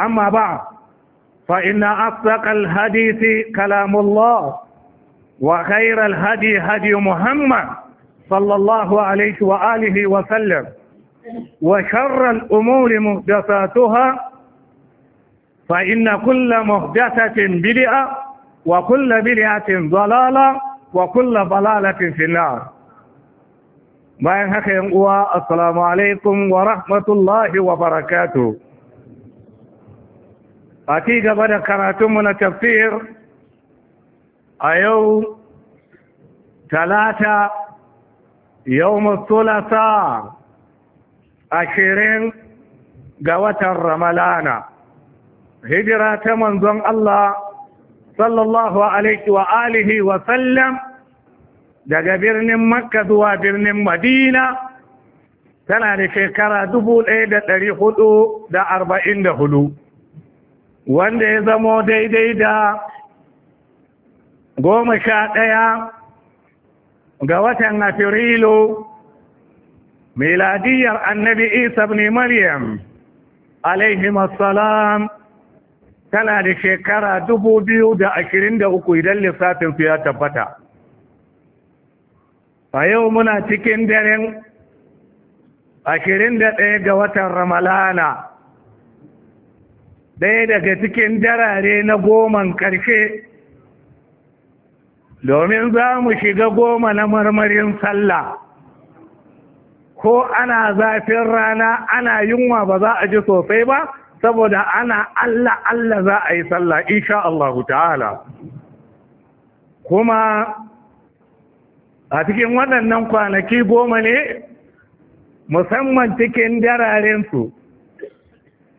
أما بعد فإن أصدق الحديث كلام الله وخير الهدي هدي محمد صلى الله عليه وآله وسلم وشر الأمور محدثاتها فإن كل محدثة بدعة وكل بدعة ضلالة وكل ضلالة في النار ما ينهك السلام عليكم ورحمة الله وبركاته a ci gaba da karatunmu na tafsir a yau talata yau matsulasa ashirin ga watan ramalana hijira ta manzon Allah sallallahu alaihi wa alihi wa sallam daga birnin makka zuwa birnin madina tana da shekara dubu ɗaya da ɗari hudu da arba'in da hudu wanda ya zamo daidai da goma sha ɗaya ga watan afirilu miladiyar annabi isa ne maryam alaihimassalam tana da shekara dubu biyu da ashirin da uku idan lissafin su ya tabbata a yau muna cikin daren ashirin da ɗaya ga watan ramalana ɗaya daga cikin darare na goman ƙarshe domin za mu shiga goma na marmarin sallah ko ana zafin rana ana yunwa ba za a ji sosai ba saboda ana Allah Allah za a yi sallah insha Allah ta'ala kuma a cikin waɗannan kwanaki goma ne musamman cikin jararensu.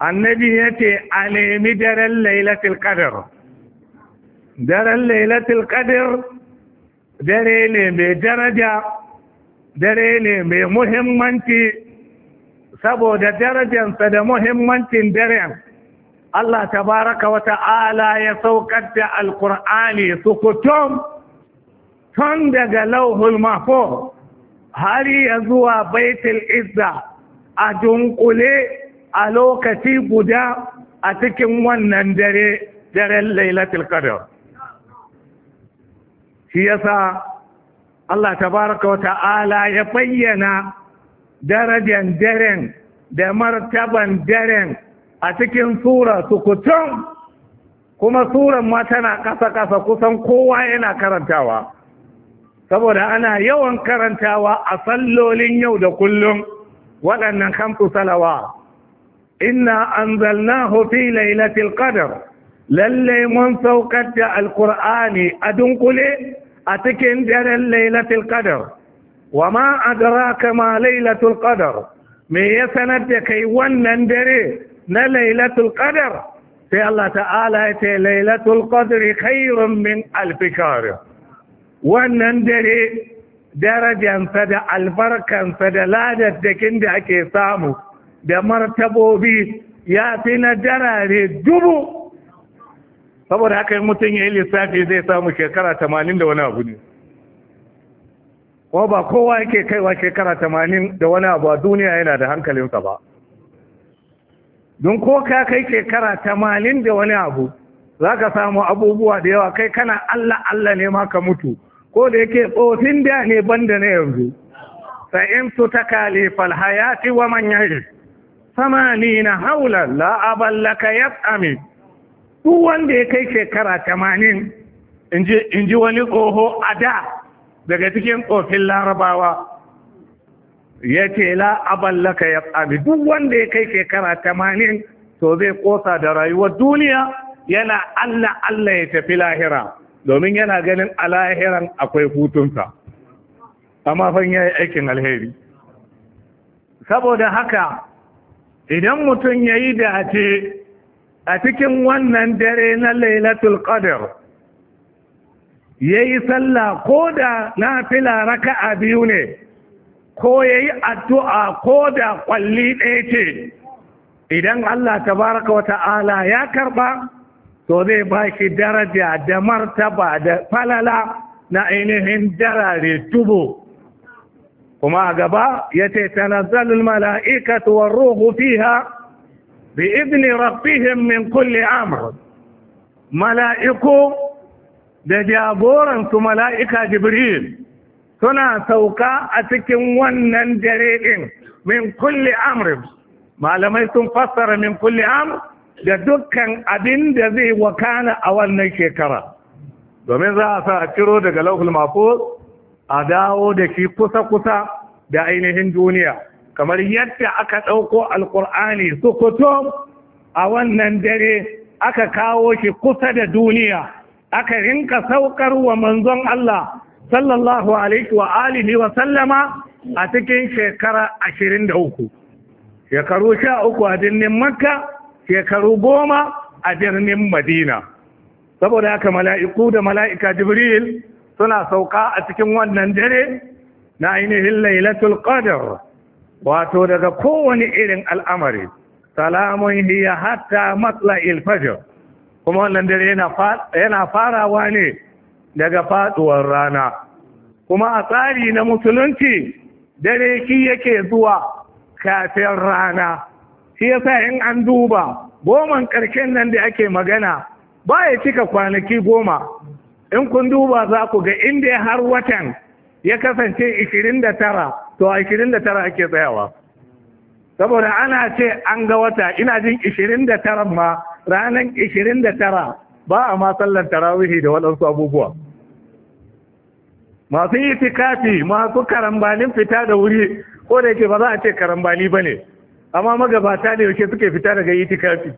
annabi ya ce a nemi daren lailatul ƙadar daren lailatul ƙadar dare ne mai daraja dare ne mai muhimmanci saboda darajansa da muhimmancin daren Allah tabaraka wa ta'ala ya saukar da alkur'ani kutum tun daga lauhul mahfuz har ya zuwa baitul izza a dunkule a lokaci guda a cikin wannan dare daren lailatul qadr shi yasa Allah tabaraka wa ta'ala ya bayyana darajan daren da martaban daren a cikin sura sukutun kuma suran ma tana kasa-kasa kusan kowa yana karantawa saboda ana yawan karantawa a sallolin yau da kullum waɗannan kamfu salawa إنا أنزلناه في ليلة القدر للي من سوقت القرآن أدنقل أتكن جر ليلة القدر وما أدراك ما ليلة القدر من يسند كي ونندري ليلة القدر في الله تعالى ليلة القدر خير من الفكار ونندري درجة فدأ الفرق فدأ لا da ladar da da martabobi ya fi na darare dubu saboda haka yi mutum ya yi lissafi zai samu shekara tamanin da wani abu ne kuma ba kowa yake kaiwa shekara tamanin da wani abu a duniya yana da hankalinsa ba don ko ka kai shekara tamanin da wani abu za ka samu abubuwa da yawa kai kana Allah Allah ne ma ka mutu ko da yake tsofin da ne banda na yanzu sa'in su ta kalifal hayati wa manyan samanina haula la aballaka yat'ami duk wanda ya kai shekara tamanin in ji wani tsoho a da daga cikin tsofin larabawa ya ce la aballaka yat'ami duk wanda ya kai shekara tamanin to zai kosa da rayuwar duniya yana Allah Allah ya tafi lahira domin yana ganin a lahiran akwai hutunsa amma fan yayi aikin alheri saboda haka idan mutum ya yi dace a cikin wannan dare na lailatul qadr ya yi sallah ko da na fila raka a biyu ne ko ya yi addu'a ko da kwalli ɗaya ce idan Allah tabaraka wa ta'ala ya karɓa to zai ba shi daraja da martaba da falala na ainihin darare tubo kuma a gaba ya ce tanazzalul mala'ikatu war ruhu fiha bi idni rabbihim min kulli amr mala'iku da jagoransu mala'ika jibril suna sauka a cikin wannan dare din min kulli amr malamai sun fassara min kulli amr da dukkan abin da zai wakana a wannan shekara domin za a sa a ciro daga lauhul mafuz a dawo da shi kusa-kusa da ainihin duniya kamar yadda aka ɗauko alkur'ani kuto a wannan dare aka kawo shi kusa da duniya aka rinka saukar wa manzon Allah sallallahu alaihi wa alihi wa sallama a cikin shekara ashirin shekaru sha uku a birnin makka shekaru goma a birnin madina saboda haka mala'iku da mala'ika jibril suna sauka a cikin wannan dare na ainihin lailatul qadr wato daga kowane irin al'amari salamun hiya hatta matla'il fajr kuma wannan dare yana farawa ne daga faduwar rana kuma a tsari na musulunci dare ki yake zuwa kafin rana shi yasa in an duba goman ƙarshen nan da ake magana ba ya cika kwanaki goma in kun duba za ku ga inda har watan ya kasance 29 to 29 ake tsayawa saboda ana ce an ga wata ina jin 29 ma ranar 29 ba a ma sallar tarawihi da waɗansu abubuwa masu yi tikafi masu karambanin fita da wuri ko da yake ba za a ce karambani ba ne amma magabata ne yake suke fita daga yi tikafi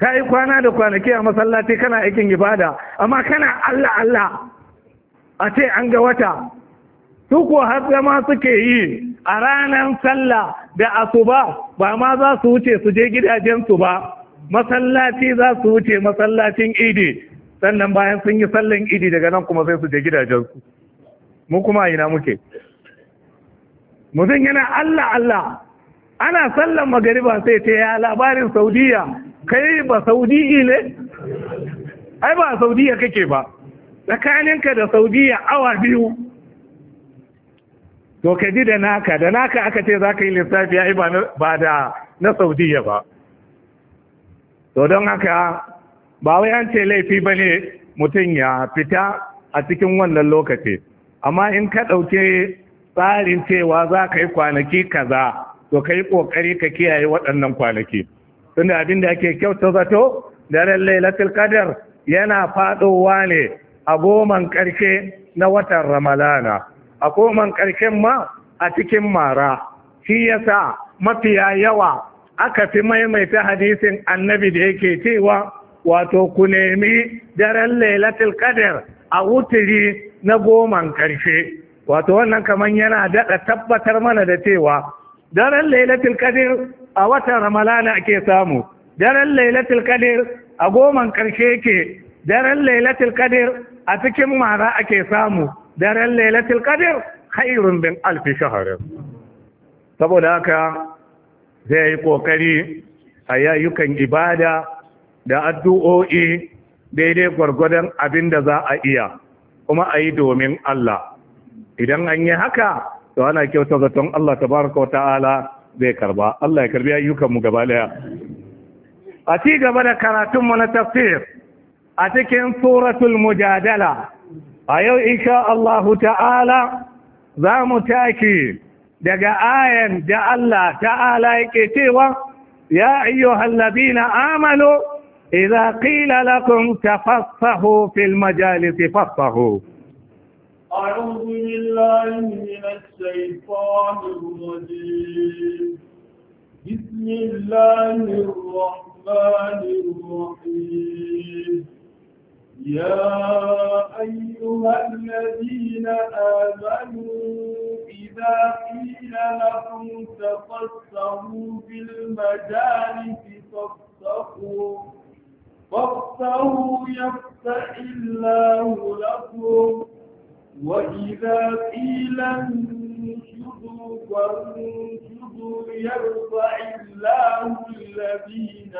ka yi kwana da kwanaki a masallaci kana aikin ibada amma kana Allah Allah a ce an ga wata su ko har zama suke yi a ranar sallah da asuba ba ma za su wuce su je gidajensu ba masallaci za su wuce masallacin idi sannan bayan sun yi sallan idi daga nan kuma sai su je gidajensu mu kuma ina muke mutum yana Allah Allah ana sallan magariba sai ta ya labarin saudiya kai ba saudi ne ai ba saudiya kake ba tsakaninka da saudiya awa biyu to ka ji da naka da naka aka ce za ka yi lissafi ai ba da na saudiya ba to don haka ba wai an ce laifi ba ne mutum ya fita a cikin wannan lokaci amma in ka ɗauke tsarin cewa za ka yi kwanaki kaza to ka yi ƙoƙari ka kiyaye waɗannan kwanaki tunda abin da ake kyauta zato daren lailatul qadar yana fadowa ne a goman karshe na watan Ramadana. a goman karshen ma a cikin mara shi yasa mafiya yawa aka fi maimaita hadisin annabi da yake cewa wato ku nemi daren lailatul qadar a wutiri na goman karshe wato wannan kaman yana daɗa tabbatar mana da cewa daren lailatul qadr a watan ramalana ake samu daren lailatul qadir a goman ƙarshe ke daren lailatul qadir a cikin mara ake samu daren lailatul qadir khairun bin alfi saboda haka zai yi kokari a yayyukan ibada da addu'o'i daidai gwargwadon abin da za a iya kuma a yi domin Allah idan an yi haka to ana kyauta zaton Allah tabaraka wa ta'ala zai karba Allah ya karbi ayyukanmu gaba daya a ci gaba da karatunmu na tafsir a cikin suratul mujadala a yau insha Allah ta'ala za mu taki daga ayan da Allah ta'ala yake cewa ya ayyuhal ladina amanu idza qila lakum tafassahu fil majalisi fassahu أعوذ بالله من الشيطان الرجيم بسم الله الرحمن الرحيم يا أيها الذين آمنوا إذا قيل لكم تفسروا في المجالس فافسحوا فافسحوا يفتح الله لكم وإذا قيل انشدوا فانشدوا يرفع الله الذين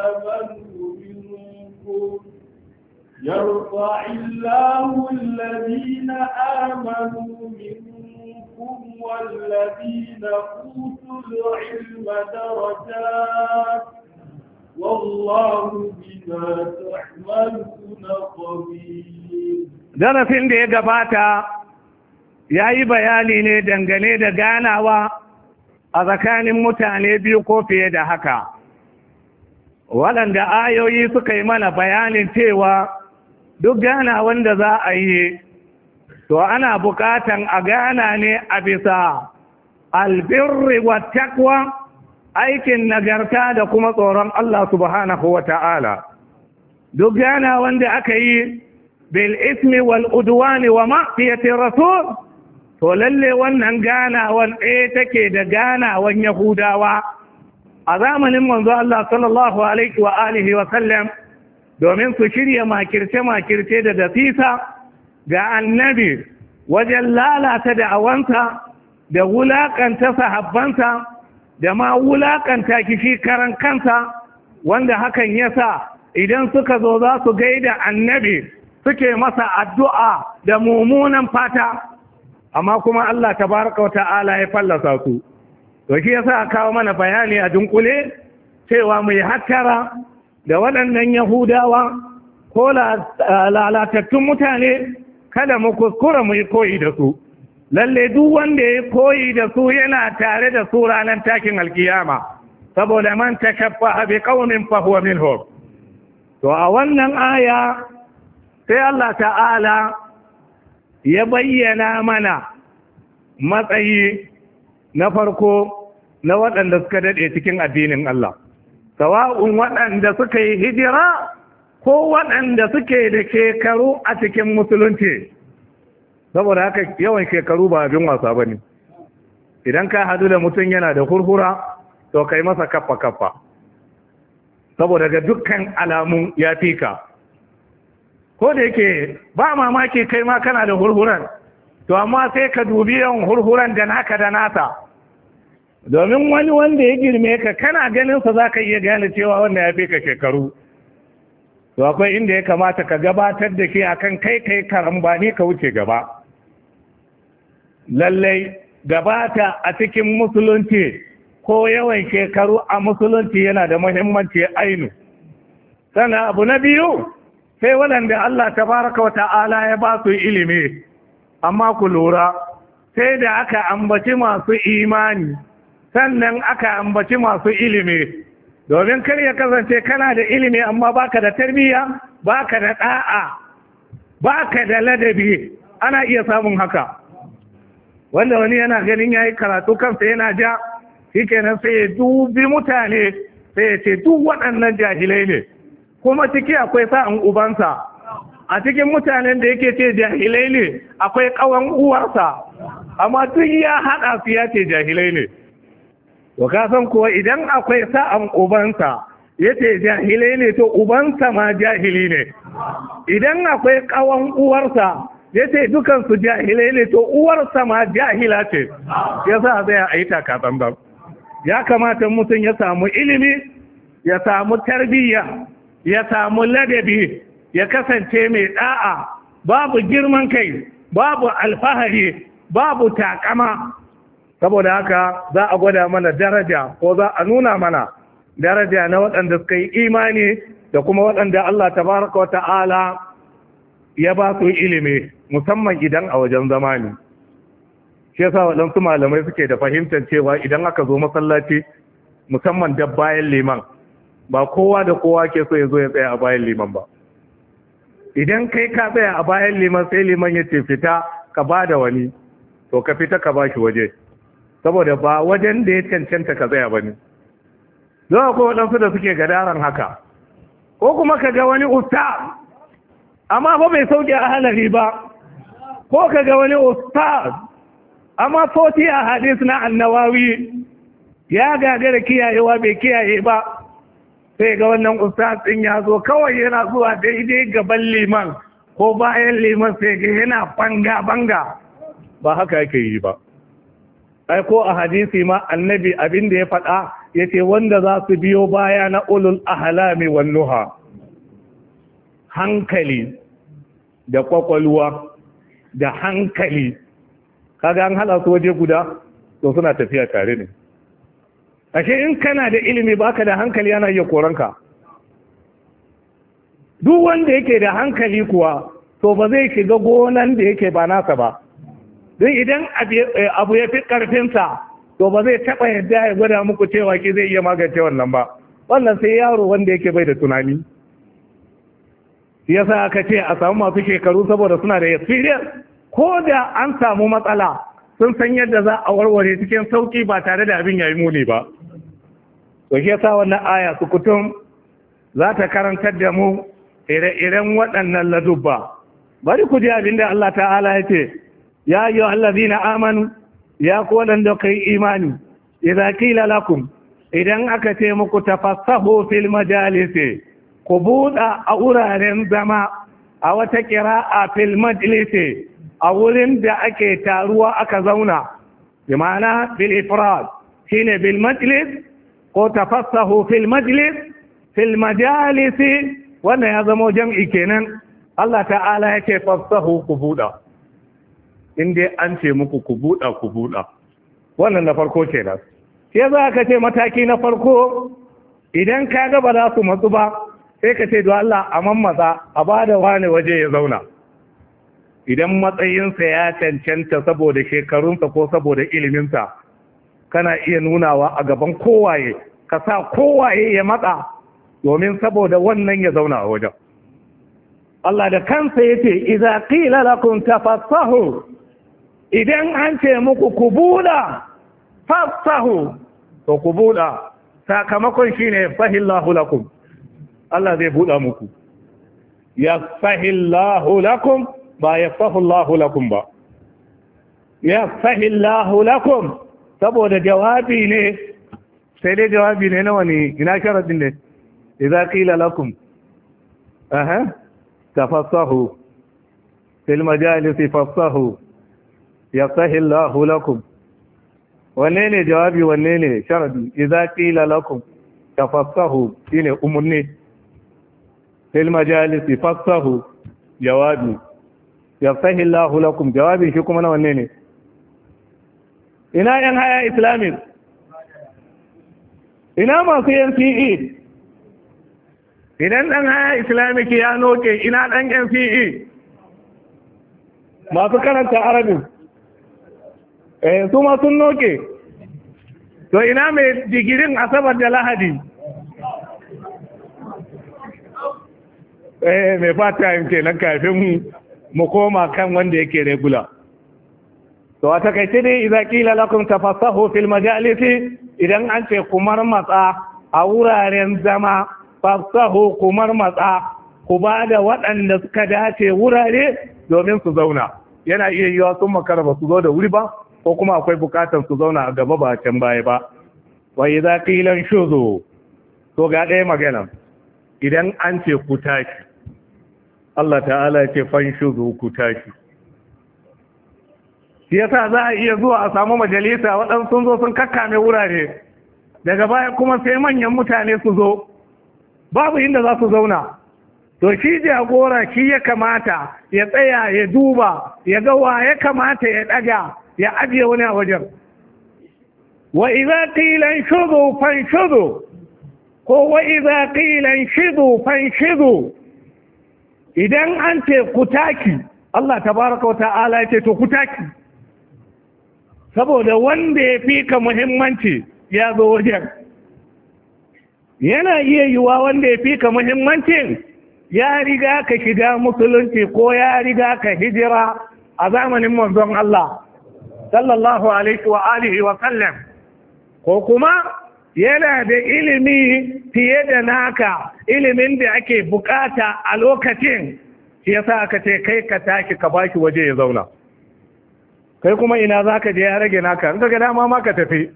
آمنوا منكم يرفع الله الذين آمنوا منكم والذين أوتوا العلم درجات wallahu darasin da ya gabata yayi bayani ne dangane da ganawa a tsakanin mutane biyu ko fiye da haka waɗanda ayoyi suka yi mana bayanin cewa duk gana wanda za a yi to ana buƙatan a gana ne a bisa albirri wa takwa aikin nagarta da kuma tsoron Allah subhanahu wa ta'ala duk gana wanda aka yi bil ismi wal udwani wa ma'siyati rasul to lalle wannan ganawan ɗaya eh take da ganawan yahudawa a zamanin manzo Allah sallallahu alaihi wa alihi wa sallam domin su shirya makirce makirce da dafisa ga annabi wajen lalata da awansa da wulakanta sahabbansa da ma wulaƙanta ki karan kansa wanda hakan ya sa idan suka zo za su gaida annabi suke masa addu'a da mummunan fata amma kuma Allah ta baraka wa ta'ala ya fallasa su to shi yasa kawo mana bayani a dunkule cewa mai hattara da waɗannan yahudawa ko lalatattun mutane kada mu kuskura mu yi koyi da su lalle duk wanda ya koyi da su yana tare da su ranar takin alkiyama saboda man ta kafa qaumin fa huwa minhum to a wannan aya sai Allah ta'ala ya bayyana mana matsayi na farko na waɗanda suka daɗe cikin addinin Allah sawa'un waɗanda suka yi hijira ko waɗanda suke da shekaru a cikin musulunci saboda haka yawan shekaru ba abin wasa ba ne idan ka hadu da mutum yana da hurhura to kai masa kaffa kaffa saboda ga dukkan alamun ya fi ka ko da yake ba mamaki kai ma kana da hurhuran to amma sai ka dubi yawan hurhuran da naka da nata domin wani wanda ya girme ka kana ganin sa zaka iya gane cewa wanda ya fi ka shekaru to akwai inda ya kamata ka gabatar da ke akan kai kai karambani ka wuce gaba lallai gabata a cikin musulunci ko yawan shekaru a musulunci yana da muhimmanci ainu sannan abu na biyu sai waɗanda Allah ta baraka wa ta'ala ya ba su ilimi amma ku lura sai da aka ambaci masu imani sannan aka ambaci masu ilimi domin kar ya kasance kana da ilimi amma baka da tarbiyya baka da da'a baka da ladabi ana iya samun haka wanda wani yana ganin ya yi karatu kansa yana ja shi kenan sai ya dubi mutane sai ya ce duk waɗannan jahilai ne kuma ciki akwai sa'an ubansa a cikin mutanen da yake ce jahilai ne akwai ƙawan uwarsa amma duk ya haɗa su ya ce jahilai ne to ka san kuwa idan akwai sa'an ubansa ya ce jahilai ne to ubansa ma jahili ne idan akwai ƙawan uwarsa ya ce dukansu jahilai ne to uwarsa ma jahila ce ya sa zai a yi takatsantsan ya kamata mutum ya samu ilimi ya samu tarbiyya ya samu ladabi ya kasance mai da'a babu girman kai babu alfahari babu takama saboda haka za a gwada mana daraja ko za a nuna mana daraja na waɗanda suka yi imani da kuma waɗanda Allah tabaraka wa ta'ala ya ba su ilimi musamman idan a wajen zama ne shi yasa waɗansu malamai suke da fahimtar cewa idan aka zo masallaci musamman da bayan liman ba kowa da kowa ke so ya zo ya tsaya a bayan liman ba idan kai ka tsaya a bayan liman sai liman ya ce fita ka ba da wani to ka fita ka ba shi waje saboda ba wajen da ya cancanta ka tsaya ba ne don ko waɗansu da suke gadaran haka ko kuma ka ga wani usta amma ba bai sauke a halari ba ko kaga wani ustaz amma foti a hadis na annawawi ya gagara kiyayewa bai kiyaye ba sai ga wannan ustaz din ya zo kawai yana zuwa daidai gaban liman ko bayan liman sai ga yana banga banga ba haka yake yi ba ai ko a hadisi ma annabi abin da ya faɗa yace wanda za su biyo baya na ulul ahlami wan nuha hankali da kwakwalwa da hankali kaga an hada su waje guda to suna tafiya tare ne ashe in kana da ilimi baka da hankali yana iya ka duk wanda yake da hankali kuwa to ba zai shiga gonan da yake ba nasa ba don idan abu ya eh, fi karfinsa to ba zai taɓa yadda ya gwada muku cewa ki zai iya magance wannan ba wannan sai yaro wanda yake bai da tunani Ya sa aka ce a samu masu shekaru saboda suna da experience ko da an samu matsala sun san yadda za a warware cikin sauki ba tare da abin ya yi muni ba to shi yasa wannan aya su kutum za ta karantar da mu ire-iren waɗannan ladubba bari ku ji abin da Allah ta'ala ya ce ya yi allazina amanu ya ku waɗanda kai imani idza idan aka ce muku tafassahu fil ku buɗa a wuraren zama a wata ƙira'a a majlisi a wurin da ake taruwa aka zauna bi ma'ana bil shi shine bil majlis ko tafassahu fil majlis fil wannan ya zama jam'i kenan Allah ta'ala yake fassahu ku buɗa inda an ce muku ku buɗa ku buɗa wannan na farko ce kenan sai za ka ce mataki na farko idan ka ga ba za su matsu ba sai ka ce don Allah a mammasa a ba da wani waje ya zauna idan matsayinsa ya cancanta saboda shekarunsa ko saboda iliminsa kana iya nunawa a gaban kowaye ka sa kowaye ya matsa domin saboda wannan ya zauna a wajen Allah da kansa ya ce iza ƙila lakum tafassahu idan an ce muku ku buɗa fassahu to ku buɗa sakamakon shine fahillahu lakum الله دي بودا موكو يفتح الله لكم ما يفتح الله لكم با يفتح الله لكم سبود جوابي ني سيدي جوابي ني نواني انا شرط ني اذا قيل لكم اها تفصحوا في المجالس فصحوا يفتح الله لكم ونيني جوابي ونيني شرط اذا قيل لكم تفصحوا ني امني fil majalisi fassahu jawabi yafsahi Allahu lakum jawabin shi kuma na wanne ne ina yan haya islamin ina masu NCE idan dan haya islamic ya noke ina dan NCE masu karanta arabin eh su ma sun noke to ina mai digirin asabar da lahadi eh mai part ke kenan kafin mu koma kan wanda yake regular to a takaice dai idza qila lakum tafassahu fil majalis idan an ce kumar matsa a wuraren zama fasahu kumar matsa ku ba da waɗanda suka dace wurare domin su zauna yana iya yiwa sun makara ba su zo da wuri ba ko kuma akwai bukatar su zauna a gaba ba can baya ba wai za ƙilan shuzo to ga ɗaya magana idan an ce ku tashi Allah ta'ala ce fanshuru ku tashi shi yasa za a iya zuwa a samu majalisa waɗansu sun zo sun kakkame wurare daga baya kuma sai manyan mutane su zo babu inda za su zauna to shi jagora shi ya kamata ya tsaya ya duba ya ga wa ya kamata ya ɗaga ya ajiye wani a wajen wa iza qilan shudu shudu ko wa iza qilan fan shudu idan an ce kutaki Allah tabaraka wata'ala ya ce to kutaki, saboda wanda ya fi ka muhimmanci ya zo wajen yana iya yiwa wanda ya fi ka muhimmancin ya riga ka shiga musulunci ko ya riga ka hijira a zamanin manzon Allah sallallahu alaihi wa alihi wa sallam ko kuma yana da ilimi fiye da naka ilimin da ake bukata a lokacin ya sa aka ce kai ka tashi ka baki waje ya zauna kai kuma ina za ka je ya rage naka in ka dama ma ka tafi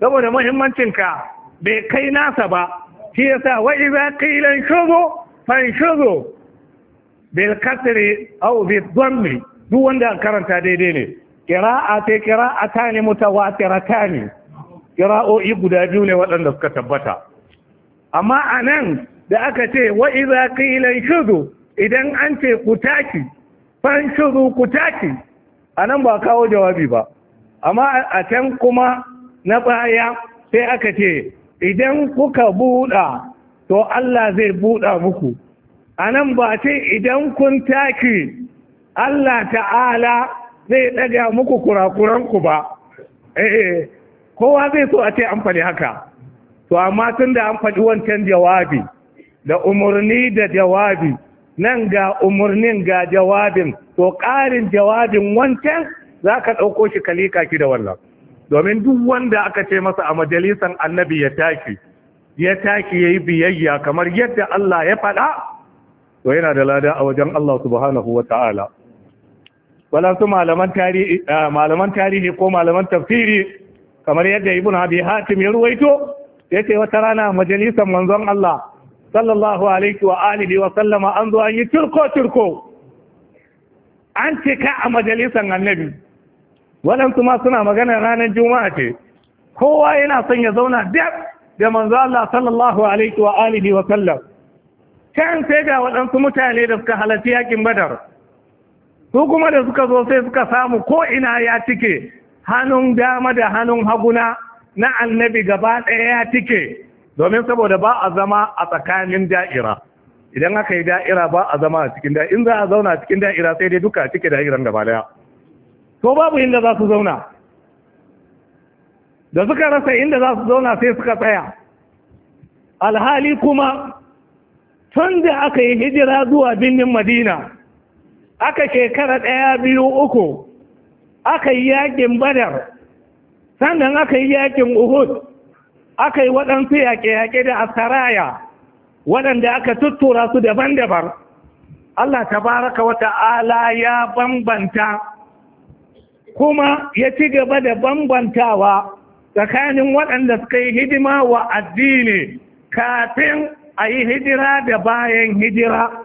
saboda muhimmancinka bai kai nasa ba shi ya sa wa'i za ka ƙilan shugo fan shugo bil kasri au bi dhammi duk wanda karanta daidai ne Kira a ta qira'atani mutawatiratan kira'o'i guda biyu ne waɗanda suka tabbata amma a nan da aka ce wa iza qilan shudu idan an ce ku taki fan shudu ku taki a nan ba kawo jawabi ba amma a can kuma na baya sai aka ce idan kuka buɗa to Allah zai buɗa muku a nan ba ce idan kun taki Allah ta'ala zai ɗaga muku kurakuranku ba eh, eh. kowa zai so a ce an faɗi haka to amma tun da an faɗi wancan jawabi da umarni da jawabi nan ga umarnin ga jawabin to ƙarin jawabin wancan za ka ɗauko shi kalika ki da wannan domin duk wanda aka ce masa a majalisan annabi ya tashi ya tashi ya yi biyayya kamar yadda Allah ya faɗa to yana da lada a wajen Allah subhanahu wa ta'ala walansu eh, malaman tarihi ko malaman tafsiri kamar yadda ibn abi hatim ya ruwaito yace wata rana majalisar manzon Allah sallallahu alaihi wa alihi wa sallama an zo an yi turko turko an cika a majalisar annabi waɗansu ma suna magana ranar juma'a ce kowa yana son ya zauna dab da manzon Allah sallallahu alaihi wa alihi wa sallam can sai ga waɗansu mutane da suka halarci yakin badar su kuma da suka zo sai suka samu ko ina ya cike hannun dama da hannun haguna na annabi gaba ɗaya ya tike domin saboda ba a zama a tsakanin da'ira idan aka yi da'ira ba a zama a cikin da'ira in za a zauna a cikin da'ira sai dai duka a cike da'iran gaba ɗaya to babu inda za su zauna da suka rasa inda za su zauna sai suka tsaya alhali kuma tun da aka yi hijira zuwa birnin madina aka shekara ɗaya biyu uku aka yi yakin badar sannan aka yi yakin uhud aka yi waɗansu yaƙe-yaƙe da asaraya waɗanda aka tuttura su daban-daban Allah tabaraka wata ta'ala ya bambanta kuma ya ci gaba da bambantawa tsakanin waɗanda suka yi hidima wa addini kafin a yi hijira da bayan hijira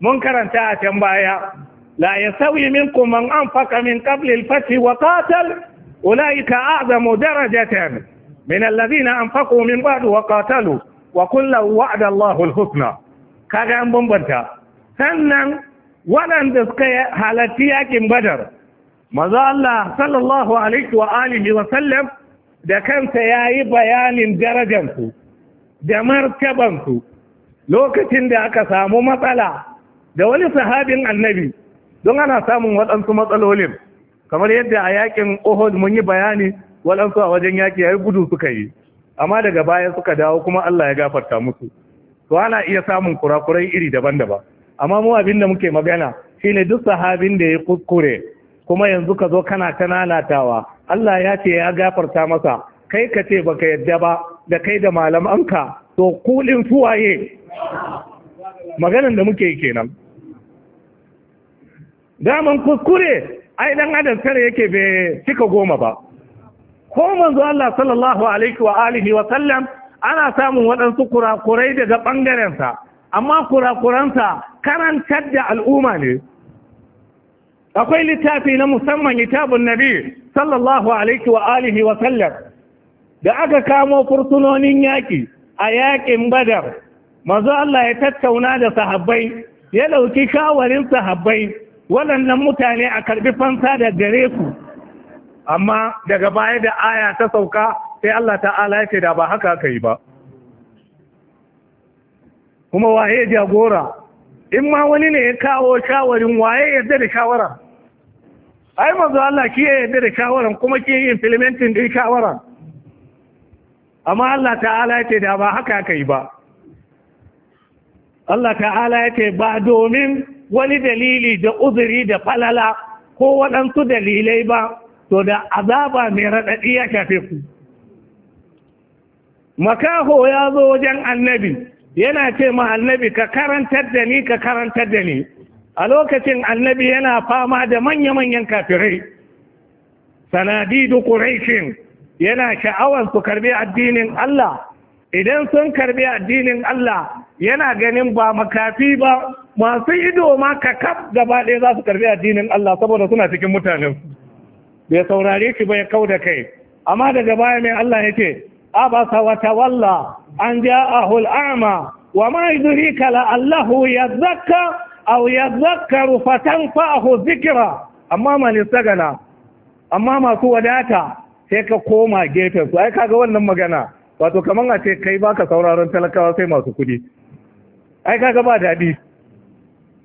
mun karanta a can baya لا يستوي منكم من أنفق من قبل الفتح وقاتل أولئك أعظم درجة من الذين أنفقوا من بعد وقاتلوا وكل وعد الله الحسنى an bambanta sannan waɗanda suka halarci yakin badar maza Allah sallallahu alaihi wa wa sallam da kansa yayi bayanin darajansu da martabansu lokacin da aka samu matsala da wani sahabin annabi don ana samun waɗansu matsalolin kamar yadda a yakin ohud mun yi bayani waɗansu a wajen yaki ya yi gudu suka yi amma daga baya suka dawo kuma Allah ya gafarta musu to ana iya samun kurakurai iri daban-daban amma mu abin da muke magana shine duk sahabin da ya kuskure kuma yanzu ka zo kana ta Allah ya ce ya gafarta masa kai ka ce baka yadda ba da kai da malamanka to kulin suwaye maganan da muke yi kenan daman kuskure ai dan adam tare yake bai cika goma ba ko manzo Allah sallallahu alaihi wa alihi wa sallam ana samun waɗansu kurakurai daga ɓangarensa amma kurakuransa karantar da al'umma ne akwai littafi na musamman kitabun nabi sallallahu alaihi wa alihi wa sallam da aka kamo fursunonin yaƙi a yaƙin badar manzo Allah ya tattauna da sahabbai ya ɗauki shawarin sahabbai waɗannan mutane a karbi fansa da gare ku. amma daga baya da aya ta sauka sai Allah ta'ala ya ce da ba haka aka yi ba kuma waye jagora in ma wani ne ya kawo shawarin waye yadda da shawara ai mazu Allah ki yadda da shawaran kuma ki yi implementing din shawara amma Allah ta'ala ya ce da ba haka aka yi ba Allah ta'ala ya ce ba domin wani dalili da uzuri da falala ko waɗansu dalilai ba to da azaba mai raɗaɗi ya shafe ku makaho ya zo wajen annabi yana ce ma annabi ka karantar da ni ka karantar da ni a lokacin annabi yana fama da manya-manyan kafirai Sanadi da ƙuraishin yana sha'awar su karbi addinin Allah idan sun karbi addinin Allah yana ganin ba makafi ba masu ido ma kakaf gaba ɗaya za su karbi addinin Allah saboda suna cikin mutanen bai saurare shi ba ya kau da kai amma daga baya mai Allah ya ce sa wata walla an a hul'ama wa ma ya la allahu ya aw rufatan fa'ahu zikira amma ne sagana amma masu wadata sai ka koma gefen su ai kaga wannan magana wato kamar a ce kai baka sauraron talakawa sai masu kuɗi. ai kaga ba daɗi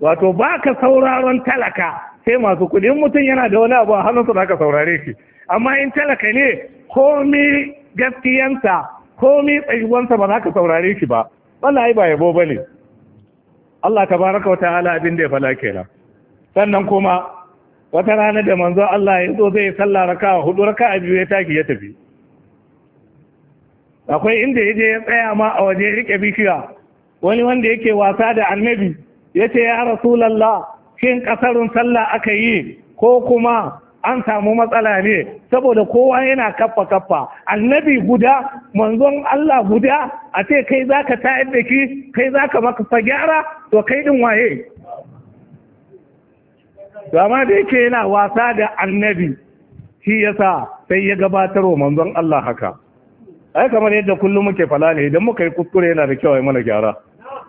wato ba ka sauraron talaka sai masu kuɗi in mutum yana da wani abu a hannunsa za ka saurare shi amma in talaka ne komi gaskiyansa komi tsayuwansa ba za ka saurare shi ba wannan ai ba yabo ba ne Allah baraka wa ta'ala abin da ya fala kenan sannan kuma wata rana da manzo Allah ya zo zai salla raka hudu raka biyu ya taki ya tafi akwai inda ya je ya tsaya ma a waje rike bishiya wani wanda yake wasa da annabi ya ce ya rasulallah shin kasarun sallah aka yi ko kuma an samu matsala ne saboda kowa yana kaffa kaffa annabi guda manzon Allah guda a ce kai zaka tayar da ki kai zaka maka gyara to kai din waye to da yake yana wasa da annabi shi yasa sai ya gabatar wa manzon Allah haka ai kamar yadda kullum muke fala ne idan muka yi kuskure yana da kyau ai mana gyara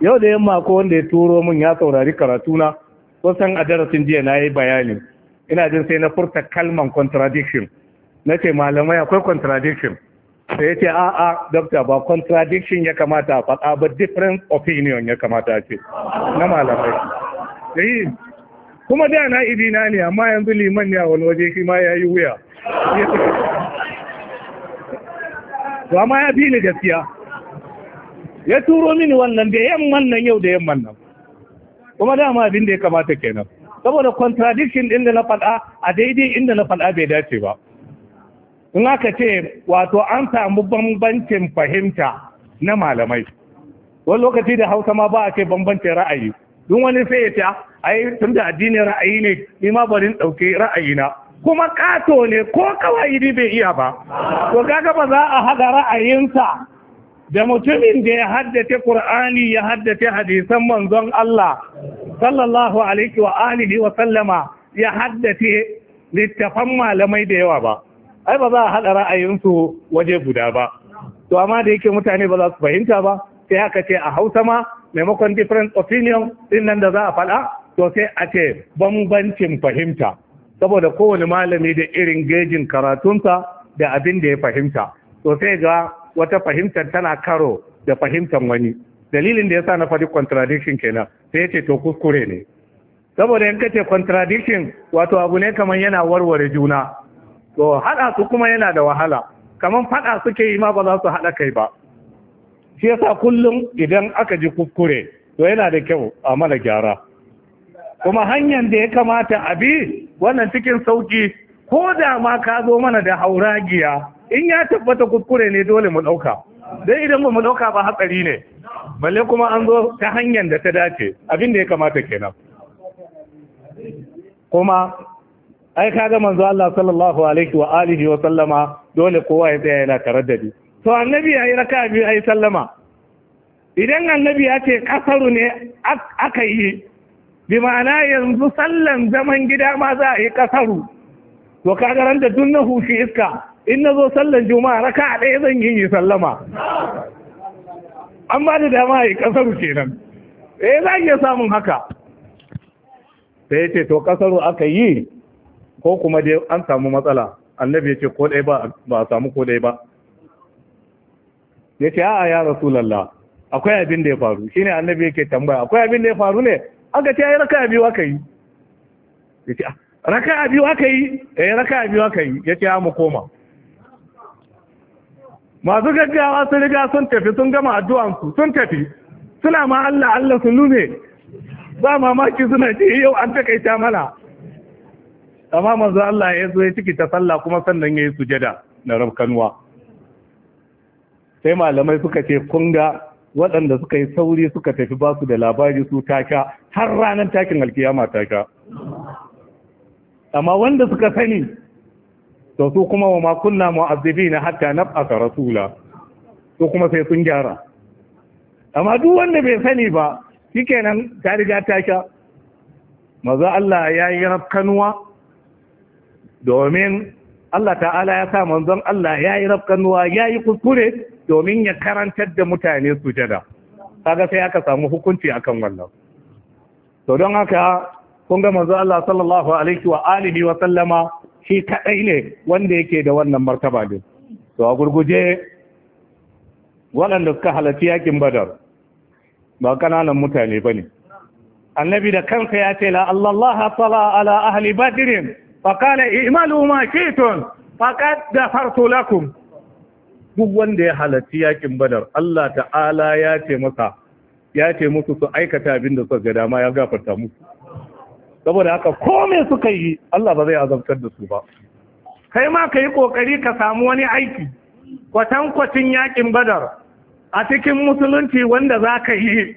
yau da yamma ko wanda ya turo min ya saurari karatuna san a darasin jiya na yi bayani ina jin sai na furta kalman contradiction na ce malamai akwai contradiction sai ya ce a a dokta ba contradiction ya kamata a faɗa ba different opinion ya kamata ce na malamai yi eh, kuma da na idina ne amma yanzu liman ne a wani waje shi ma ya yi wuya to amma ya fi ni gaskiya ya turo mini wannan da yan nan yau da yamman nan kuma dama abin da ya kamata kenan saboda contradiction din da na faɗa a daidai inda na faɗa bai dace ba in aka ce wato an samu bambancin fahimta na malamai wani lokaci da hausa ma ba a ce bambancin ra'ayi duk wani sai ya ce ah, ai tun da addini ra'ayi ne ni ma bari in ra'ayi na. kuma kato ne ko kawai bai iya ba to kaga ba za a haɗa ra'ayinsa da mutumin da ya haddace Kur'ani ya haddace hadisan manzon Allah sallallahu alaihi wa alihi wa sallama ya haddace littafan malamai da yawa ba ai ba za a haɗa ra'ayinsu waje guda ba to amma da yake mutane ba za su fahimta ba sai haka ce a hausa ma maimakon different opinion din nan da za a faɗa to sai a ce bambancin fahimta saboda kowane malami da irin gejin karatunsa da abin da ya fahimta sosai ga wata fahimtar tana karo da fahimtar wani dalilin da ya sa na faɗi contradiction kenan sai ya ce to kuskure ne saboda in kace contradiction wato abu ne kamar yana warware juna to haɗa su kuma yana da wahala kamar faɗa suke yi ma ba za su haɗa kai ba shi yasa kullum idan aka ji kuskure to yana da kyau a mana gyara kuma hanyar da ya kamata a bi wannan cikin sauki ko da ma ka zo mana da hauragiya in ya tabbata kuskure ne dole mu ɗauka don idan ba mu ɗauka ba hatsari ne balle kuma an zo ta hanyar da ta dace abin da ya kamata kenan kuma ai kaga manzo Allah sallallahu alaihi wa alihi wa sallama dole kowa ya tsaya yana taraddadi to annabi ya yi raka biyu ai sallama idan annabi ya ce kasaru ne aka yi bi ma'ana yanzu sallan zaman gida ma za a yi kasaru to kaga ran da dunnahu na iska in na zo sallan juma'a raka a ɗaya zan yi sallama an ba da dama yi ƙasaru kenan eh za iya samun haka sai ya ce to ƙasaru aka yi ko kuma dai an samu matsala annabi ya ce ko ɗaya ba a samu ko ɗaya ba ya ce a'a ya rasulallah akwai abin da ya faru shine annabi yake tambaya akwai abin da ya faru ne aka ce ai raka biyu aka yi ya ce ah, raka biyu aka yi eh raka biyu aka yi ya ce ah, mu koma masu gaggawa sun riga sun tafi sun gama addu'ansu sun tafi suna ma Allah Allah su lume ba mamaki suna ce yau an takaita mana amma manzo Allah ya zo ya ciki ta sallah kuma sannan ya yi sujada na rabkanwa sai malamai suka ce kunga waɗanda suka yi sauri suka tafi ba su da labari su taka har ranar takin alkiyama taka amma wanda suka sani to su kuma wa makunna kunna na hatta nab'atha rasula to kuma sai sun gyara amma duk wanda bai sani ba shikenan ta riga ta sha maza Allah ya yi rafkanuwa domin Allah ta'ala ya sa manzon Allah ya yi rafkanuwa ya yi kuskure domin ya karantar da mutane sujada kaga sai aka samu hukunci akan wannan to don haka kun ga manzo Allah sallallahu alaihi wa alihi wa sallama shi kadai ne wanda yake da wannan martaba din to a gurguje waɗanda suka halarci yakin badar ba kananan mutane ba ne annabi da kansa ya ce la Allah sala ala ahli badrin fa qala i'malu ma shi'tum faqad ghafartu lakum duk wanda ya halarci yakin badar Allah ta'ala ya ce masa ya ce musu su aikata abin da suka ga dama ya gafarta musu saboda haka kome suka yi Allah ba zai azabtar da su ba kai ma ka yi kokari ka samu wani aiki kwatan kwatankwacin yakin badar a cikin musulunci wanda za ka yi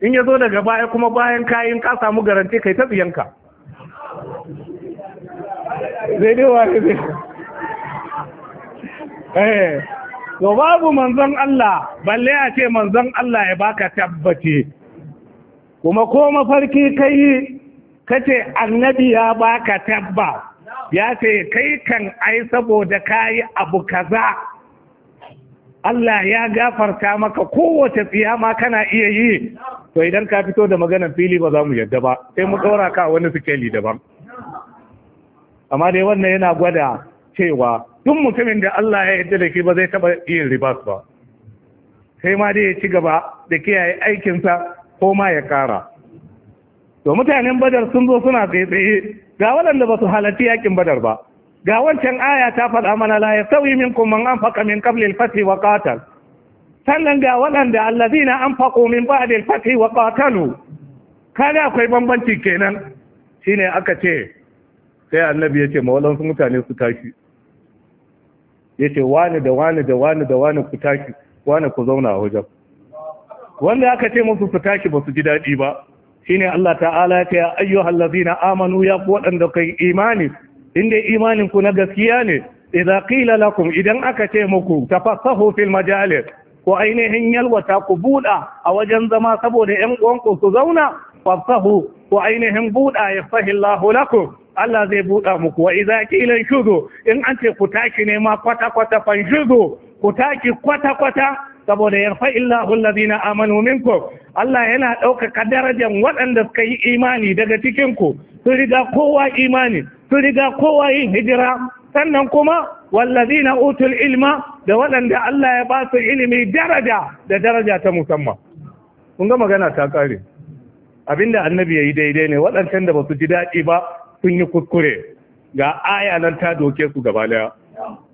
in ya zo daga baya kuma bayan kayan ka samu garanti kai ta tsiyanka zai ne wani zai eh babu manzon Allah balle a ce manzon Allah ya baka tabbace kuma ko mafarki kai ta ce annabi ya baka tabba ya ce kai kan ai saboda kayi abu kaza Allah ya gafarta maka kowace tsiyama kana iya yi to idan ka fito da maganar fili ba za mu yadda ba sai mu ɗora ka wani sikeli daban amma dai wannan yana gwada cewa duk mutumin da Allah ya yadda da shi ba zai taba yin ribas ba sai ma dai ya ci gaba da kiyaye aikinsa ko ma ya ƙara. to mutanen badar sun zo suna tsaye-tsaye ga waɗanda ba su halarci yakin badar ba ga wancan aya ta faɗa mana la ya sauyi min kuma an faƙa min kabli alfati wa qatal sannan ga waɗanda allazina an faƙo min ba da alfati wa qatalu kada akwai bambanci kenan shine aka ce sai annabi ya ce ma waɗansu mutane su tashi ya ce wani da wani da wani da wani ku tashi wani ku zauna a wajen wanda aka ce musu su tashi ba su ji daɗi ba shine Allah ta'ala ta ya ayyuhal ladina amanu ya waɗanda wadanda kai imani inda imanin ku na gaskiya ne idza qila lakum idan aka ce muku tafassahu fil majalis ko ainihin yalwata ku buda a wajen zama saboda yan ku su zauna fasahu ko ainihin buda yafahillahu lakum Allah zai buɗa muku wa idza qila shudu in an ce ku taki ne ma kwata kwata fan ku taki kwata kwata saboda yarfa illahu allazina amanu minkum Allah yana ɗaukaka darajar waɗanda suka yi imani daga cikin ku sun riga kowa imani sun riga kowa yin hijira sannan kuma wallazina utul ilma da waɗanda Allah ya ba su ilimi daraja da daraja ta musamman kun ga magana ta kare abinda annabi yayi daidai ne waɗancan da ba su ji daɗi ba sun yi kuskure ga aya nan ta doke su gaba daya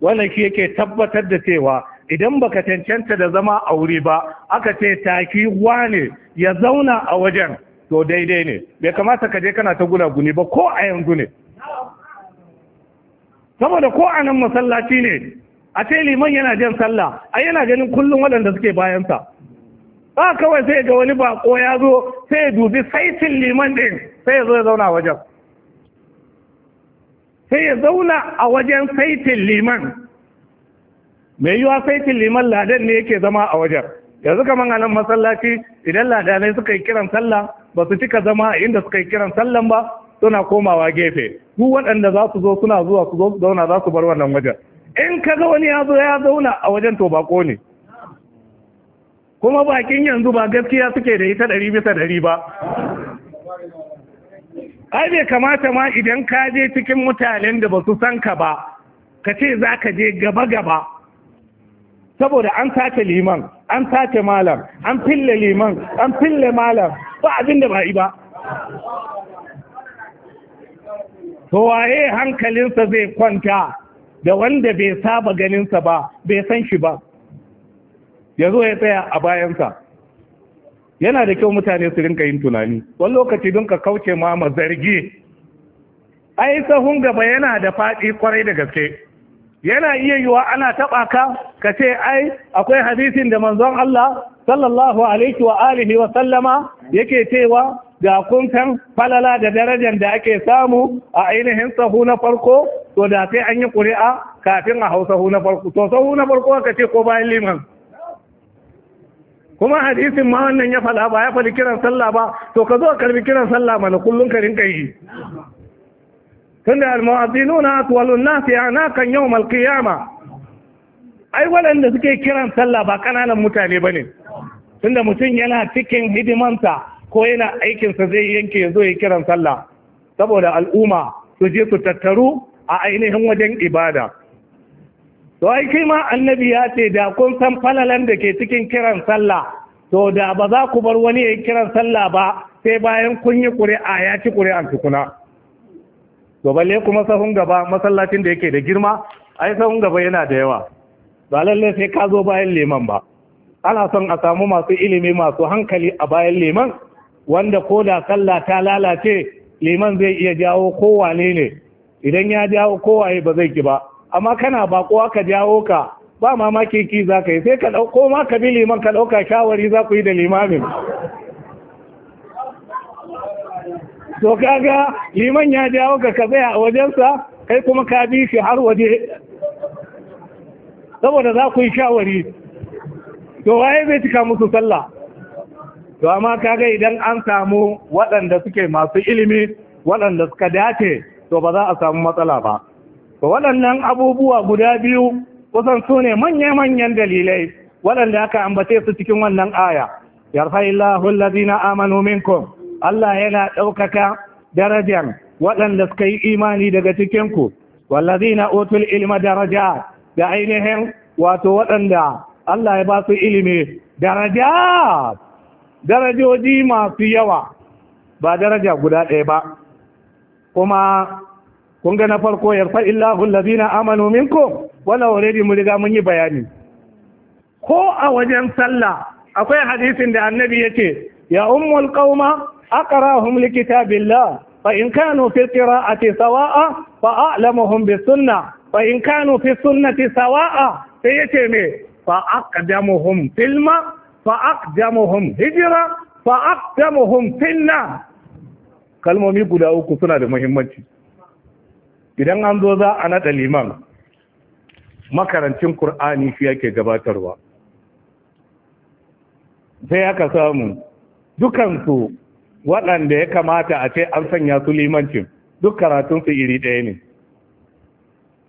wannan shi yake tabbatar da cewa idan baka cancanta da zama aure ba aka ce taki wane ya zauna a wajen to daidai ne bai kamata ka je kana ta gunaguni ba ko a yanzu ne saboda ko a nan masallaci ne a ce liman yana jan sallah A yana ganin kullum waɗanda suke bayansa ba kawai sai ga wani bako ya zo sai ya dubi saitin liman ɗin sai ya zo ya zauna a wajen sai ya zauna a wajen saitin liman mai yiwa sai liman ladan ne yake zama a wajen yanzu kamar a nan masallaci idan ladanai suka yi kiran sallah ba su cika zama a inda suka yi kiran sallan ba suna komawa gefe ku waɗanda za su zo suna zuwa su zo su zauna za su bar wannan wajen in ka ga wani ya zo ya zauna a wajen to bako ne kuma bakin yanzu ba gaskiya suke da ita ɗari bisa ɗari ba ai bai kamata ma idan ka je cikin mutanen da ba su san ka ba ka ce za ka je gaba-gaba saboda an sace liman an sace malam an fille liman an fille malam ba abin da ba yi ba to waye hankalinsa zai kwanta da wanda bai saba ganinsa ba bai san shi ba ya zo ya tsaya a bayansa yana da kyau mutane su rinka yin tunani wani lokaci don ka kauce ma ma zargi ai sahun gaba yana da faɗi kwarai da gaske yana iya yiwa ana taɓa ka ka ce ai akwai hadisin da manzon Allah sallallahu alaihi wa alihi wa sallama yake cewa ga kuntan falala da darajar da ake samu a ainihin sahu na farko to da sai an yi ƙuri'a kafin a hau sahu na farko to sahu na farko aka ce ko bayan liman kuma hadisin ma wannan ya fala ba ya fali kiran sallah ba to ka zo ka karbi kiran sallah mana kullum ka rinka yi tunda na atwalun nasi anakan yawmal qiyama ai waɗanda suke kiran sallah ba ƙananan mutane ba tun tunda mutum yana cikin hidimanta ko yana aikinsa zai yanke ya zo ya kiran sallah saboda al'umma su je su tattaru a ainihin wajen ibada to ai kai ma annabi ya ce da kun san falalan da ke cikin kiran sallah to da ba za ku bar wani ya yi kiran sallah ba sai bayan kun yi ƙuri'a ya ci ƙuri'an tukuna to balle kuma sahun gaba masallacin da yake da girma ai sahun gaba yana da yawa ba lallai sai ka zo bayan liman ba ana son a samu masu ilimi masu hankali a bayan liman wanda ko da sallah ta lalace liman zai iya jawo kowane ne idan ya jawo kowaye ba zai ki ba amma kana bakowa ka jawo ka ba mamaki ki za ka yi sai ka ɗauko ma ka bi liman ka ɗauka shawari za ku yi da limamin to kaga liman ya jawo ka ka tsaya a wajensa kai kuma ka bi shi har waje saboda za ku yi shawari to waye zai cika musu sallah to amma kaga idan an samu waɗanda suke masu ilimi waɗanda suka dace to ba za a samu matsala ba to waɗannan abubuwa guda biyu kusan su ne manya-manyan dalilai waɗanda aka ambace su cikin wannan aya yarfa illahu allazina amanu minkum Allah yana ɗaukaka darajar waɗanda suka yi imani daga cikinku na otul ilma daraja da ainihin wato waɗanda Allah ya ba su ilimi daraja darajoji masu yawa ba daraja guda ɗaya ba kuma kun ga na farko yarfa illahu allazina amanu minkum wala already mu riga mun yi bayani ko a wajen sallah akwai hadisin da annabi yake ya ummul kauma. أقراهم لكتاب الله فإن كانوا في القراءة سواء فأعلمهم بالسنة فإن كانوا في السنة سواء فيتمي فأقدمهم في الماء فأقدمهم هجرة فأقدمهم في النار kalmomi guda uku suna المهمة إذا idan ذا أنا za a naɗa liman makarancin ƙur'ani shi yake gabatarwa sai aka samu dukansu waɗanda ya kamata a ce an sanya su limancin duk su iri ɗaya ne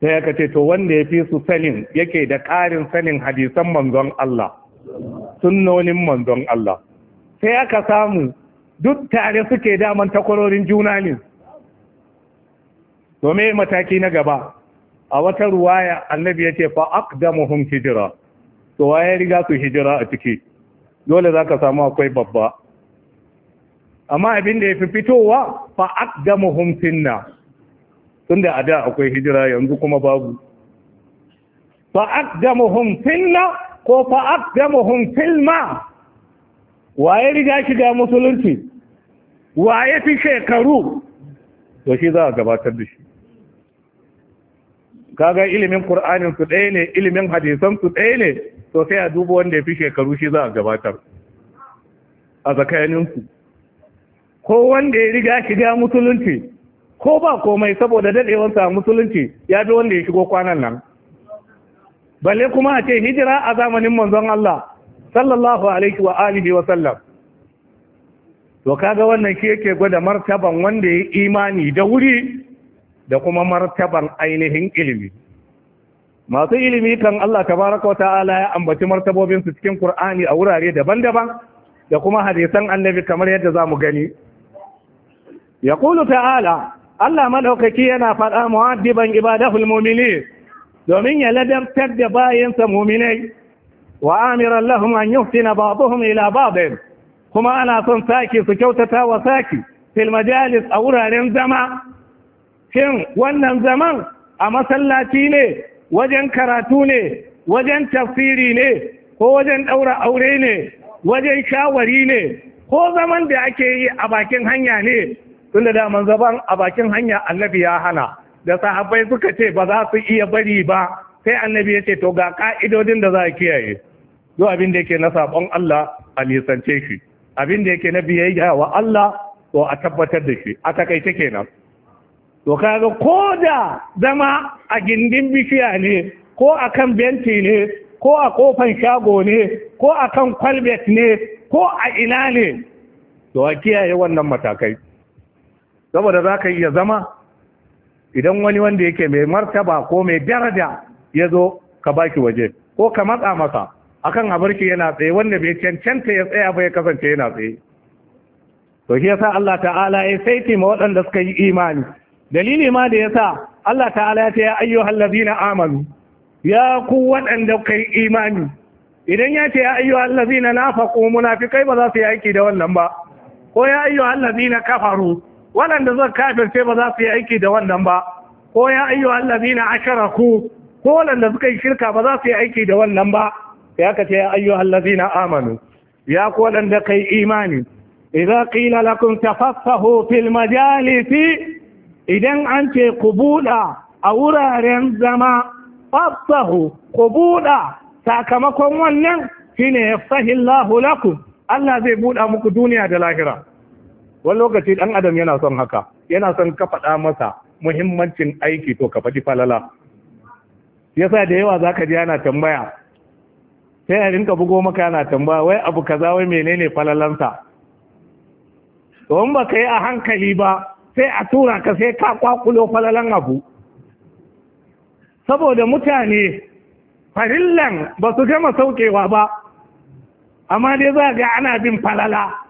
sai aka ce to wanda ya fi su sanin yake da ƙarin sanin hadisan manzon Allah sunnonin manzon Allah sai aka samu duk tare suke daman takwarorin juna ne domin mataki na gaba a wata ruwaya annabi ya ce fa aqdamuhum hijira to waye riga su hijira a ciki dole zaka samu akwai babba amma abin da ya fi fitowa fa aqdamuhum finna tunda a da akwai hijira yanzu kuma babu fa aqdamuhum finna ko fa aqdamuhum filma waye riga ga musulunci waye fi shekaru to shi za a gabatar da shi kaga ilimin qur'anin su ɗaya ne ilimin hadisan su ɗaya ne to sai a duba wanda ya fi shekaru shi za a gabatar a zakayanin su ko wanda ya riga shiga musulunci ko ba komai saboda dadewarsa a musulunci ya bi wanda ya shigo kwanan nan balle kuma a ce hijira a zamanin manzon Allah sallallahu alaihi wa alihi wa sallam to kaga wannan shi yake gwada martaban wanda ya imani da wuri da kuma martaban ainihin ilimi masu ilimi kan Allah tabaraka wa ta'ala ya ambaci martabobin su cikin Qur'ani a wurare daban-daban da kuma hadisan annabi kamar yadda za mu gani kulu ta'ala Allah maɗaukaki yana faɗa mu'addiban ibadahul mumini domin ya ladabtar da bayansa mu'minai wa amiran lahum an yuhsina ba'dhum ila ba'd kuma ana son saki su kyautata wa saki fil majalis a wuraren zama shin wannan zaman a masallaci ne wajen karatu ne wajen tafsiri ne ko wajen ɗaura aure ne wajen shawari ne ko zaman da ake yi a bakin hanya ne tun da daman zaban a bakin hanya annabi ya hana da sahabbai suka ce ba za su iya bari ba sai annabi ya ce to ga ka'idodin da za a kiyaye do abin da yake na sabon Allah a nisance shi abin da yake na biyayya wa Allah to a tabbatar da shi a takaice kenan to kaga ko da zama a gindin bishiya ne ko a kan benci ne ko a kofan shago ne ko a kan kwalbet ne ko a ina ne to a kiyaye wannan matakai saboda za ka iya zama idan wani wanda yake mai martaba ko mai daraja ya zo ka baki waje ko ka matsa masa akan abarki yana tsaye wanda bai cancanta ya tsaya ba ya kasance yana tsaye to shi yasa Allah ta'ala ya saiti ma waɗanda suka yi imani dalili ma da yasa Allah ta'ala ya ce ya ayyuhal ladina amanu ya ku waɗanda kai imani idan ya ce ya ayyuhal ladina nafaqu munafiqai ba za su yi aiki da wannan ba ko ya ayyuhal ladina kafaru waɗanda suka kafirce ba za su yi aiki da wannan ba ko ya ayyu allazina asharaku ko waɗanda suka yi shirka ba za su yi aiki da wannan ba sai aka ce ya ayyu allazina amanu ya ku waɗanda kai imani idza qila lakum tafassahu fil majalisi idan an ce ku buɗa a wuraren zama fafsahu ku buɗa sakamakon wannan shine yafsahillahu lakum Allah zai buɗa muku duniya da lahira wani lokaci ɗan adam yana son haka yana son ka faɗa masa muhimmancin aiki to ka faɗi falala yasa da yawa za ka ji ana tambaya sai a rinka bugo maka yana tambaya wai abu kaza wai menene falalansa to in ba yi a hankali ba sai a tura ka sai ka kwakulo falalan abu saboda mutane farillan ba su gama saukewa ba amma dai za ga ana bin falala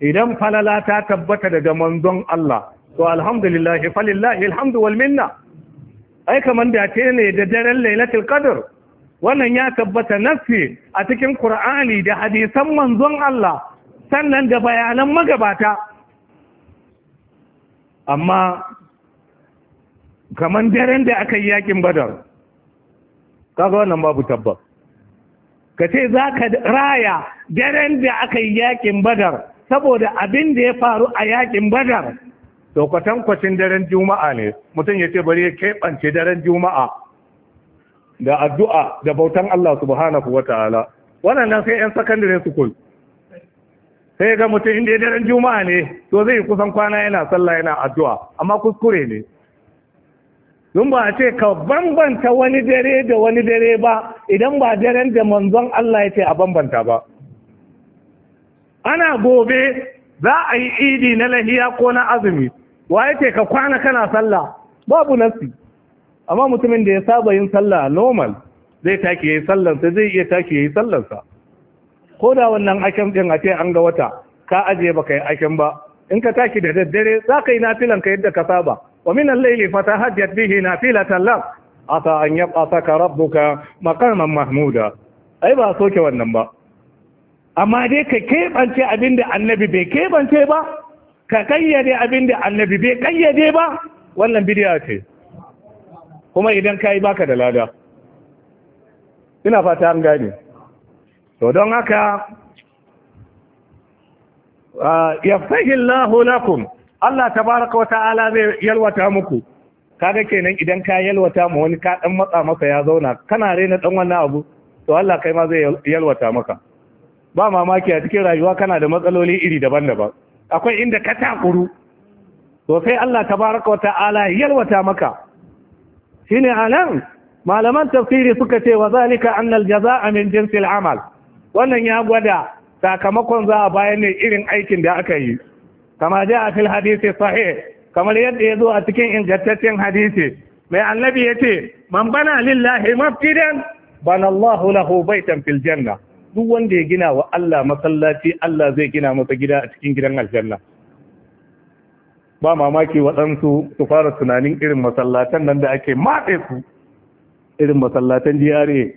idan falala ta tabbata daga manzon Allah to alhamdulillah falillahi alhamdu wal minna ai kaman da ce ne da daren lailatul qadr wannan ya tabbata nafi a cikin qur'ani da hadisan manzon Allah sannan da bayanan magabata amma kaman daren da aka yi yakin badar kaga wannan babu tabbas ka ce za ka raya daren da aka yi yakin badar saboda abin da ya faru a yakin badar to kwatankwacin daren juma'a ne mutum ya ce bari ya keɓance daren juma'a da addu'a da bautan Allah subhanahu wa ta'ala waɗannan sai 'yan sakandare su koyi sai ga mutum inda ya daren juma'a ne to zai yi kusan kwana yana sallah yana addu'a amma kuskure ne don ba a ce ka bambanta wani dare da wani dare ba idan ba daren da manzon Allah ya ce a bambanta ba ana gobe za a yi idi na lahiya ko na azumi wa yake ka kwana kana sallah babu nasi amma mutumin da ya saba yin sallah normal zai take yayi sallansa zai iya take yayi sallansa ko da wannan aken din a ce an ga wata ka aje baka yi aken ba in ka tashi da daddare za ka yi nafilan ka yadda ka saba wa min al-layli fatahajjat bihi nafilatan lak asa an yabqa saka rabbuka maqaman mahmuda ai ba soke wannan ba amma dai ka keɓance abin da annabi bai keɓance ba ka kayyade abin da annabi bai kayyade ba wannan bidiyar ce kuma idan ka yi baka da lada ina fata an gane to don haka ya yaftahillahu lakum Allah ta baraka wa ta'ala zai yalwata muku kaga kenan idan ka yalwata mu wani ka matsa masa ya zauna kana rena dan wannan abu to Allah kai ma zai yalwata maka ba mamaki a cikin rayuwa kana da matsaloli iri daban-daban akwai inda ka takuru to sai Allah tabaraka wata'ala yalwata maka shine anan malaman tafsiri suka ce wa zalika annal jazaa min jinsil amal wannan ya gwada sakamakon za a bayan ne irin aikin da aka yi kama ja a fil hadisi sahih kamar yadda ya zo a cikin ingantaccen hadisi mai annabi ya ce man bana lillahi mafidan bana Allahu lahu baitan fil jannah duk wanda ya gina wa Allah masallaci Allah zai gina masa gida a cikin gidan aljanna ba mamaki waɗansu su fara tunanin irin masallatan nan da ake matse su irin masallatan diyare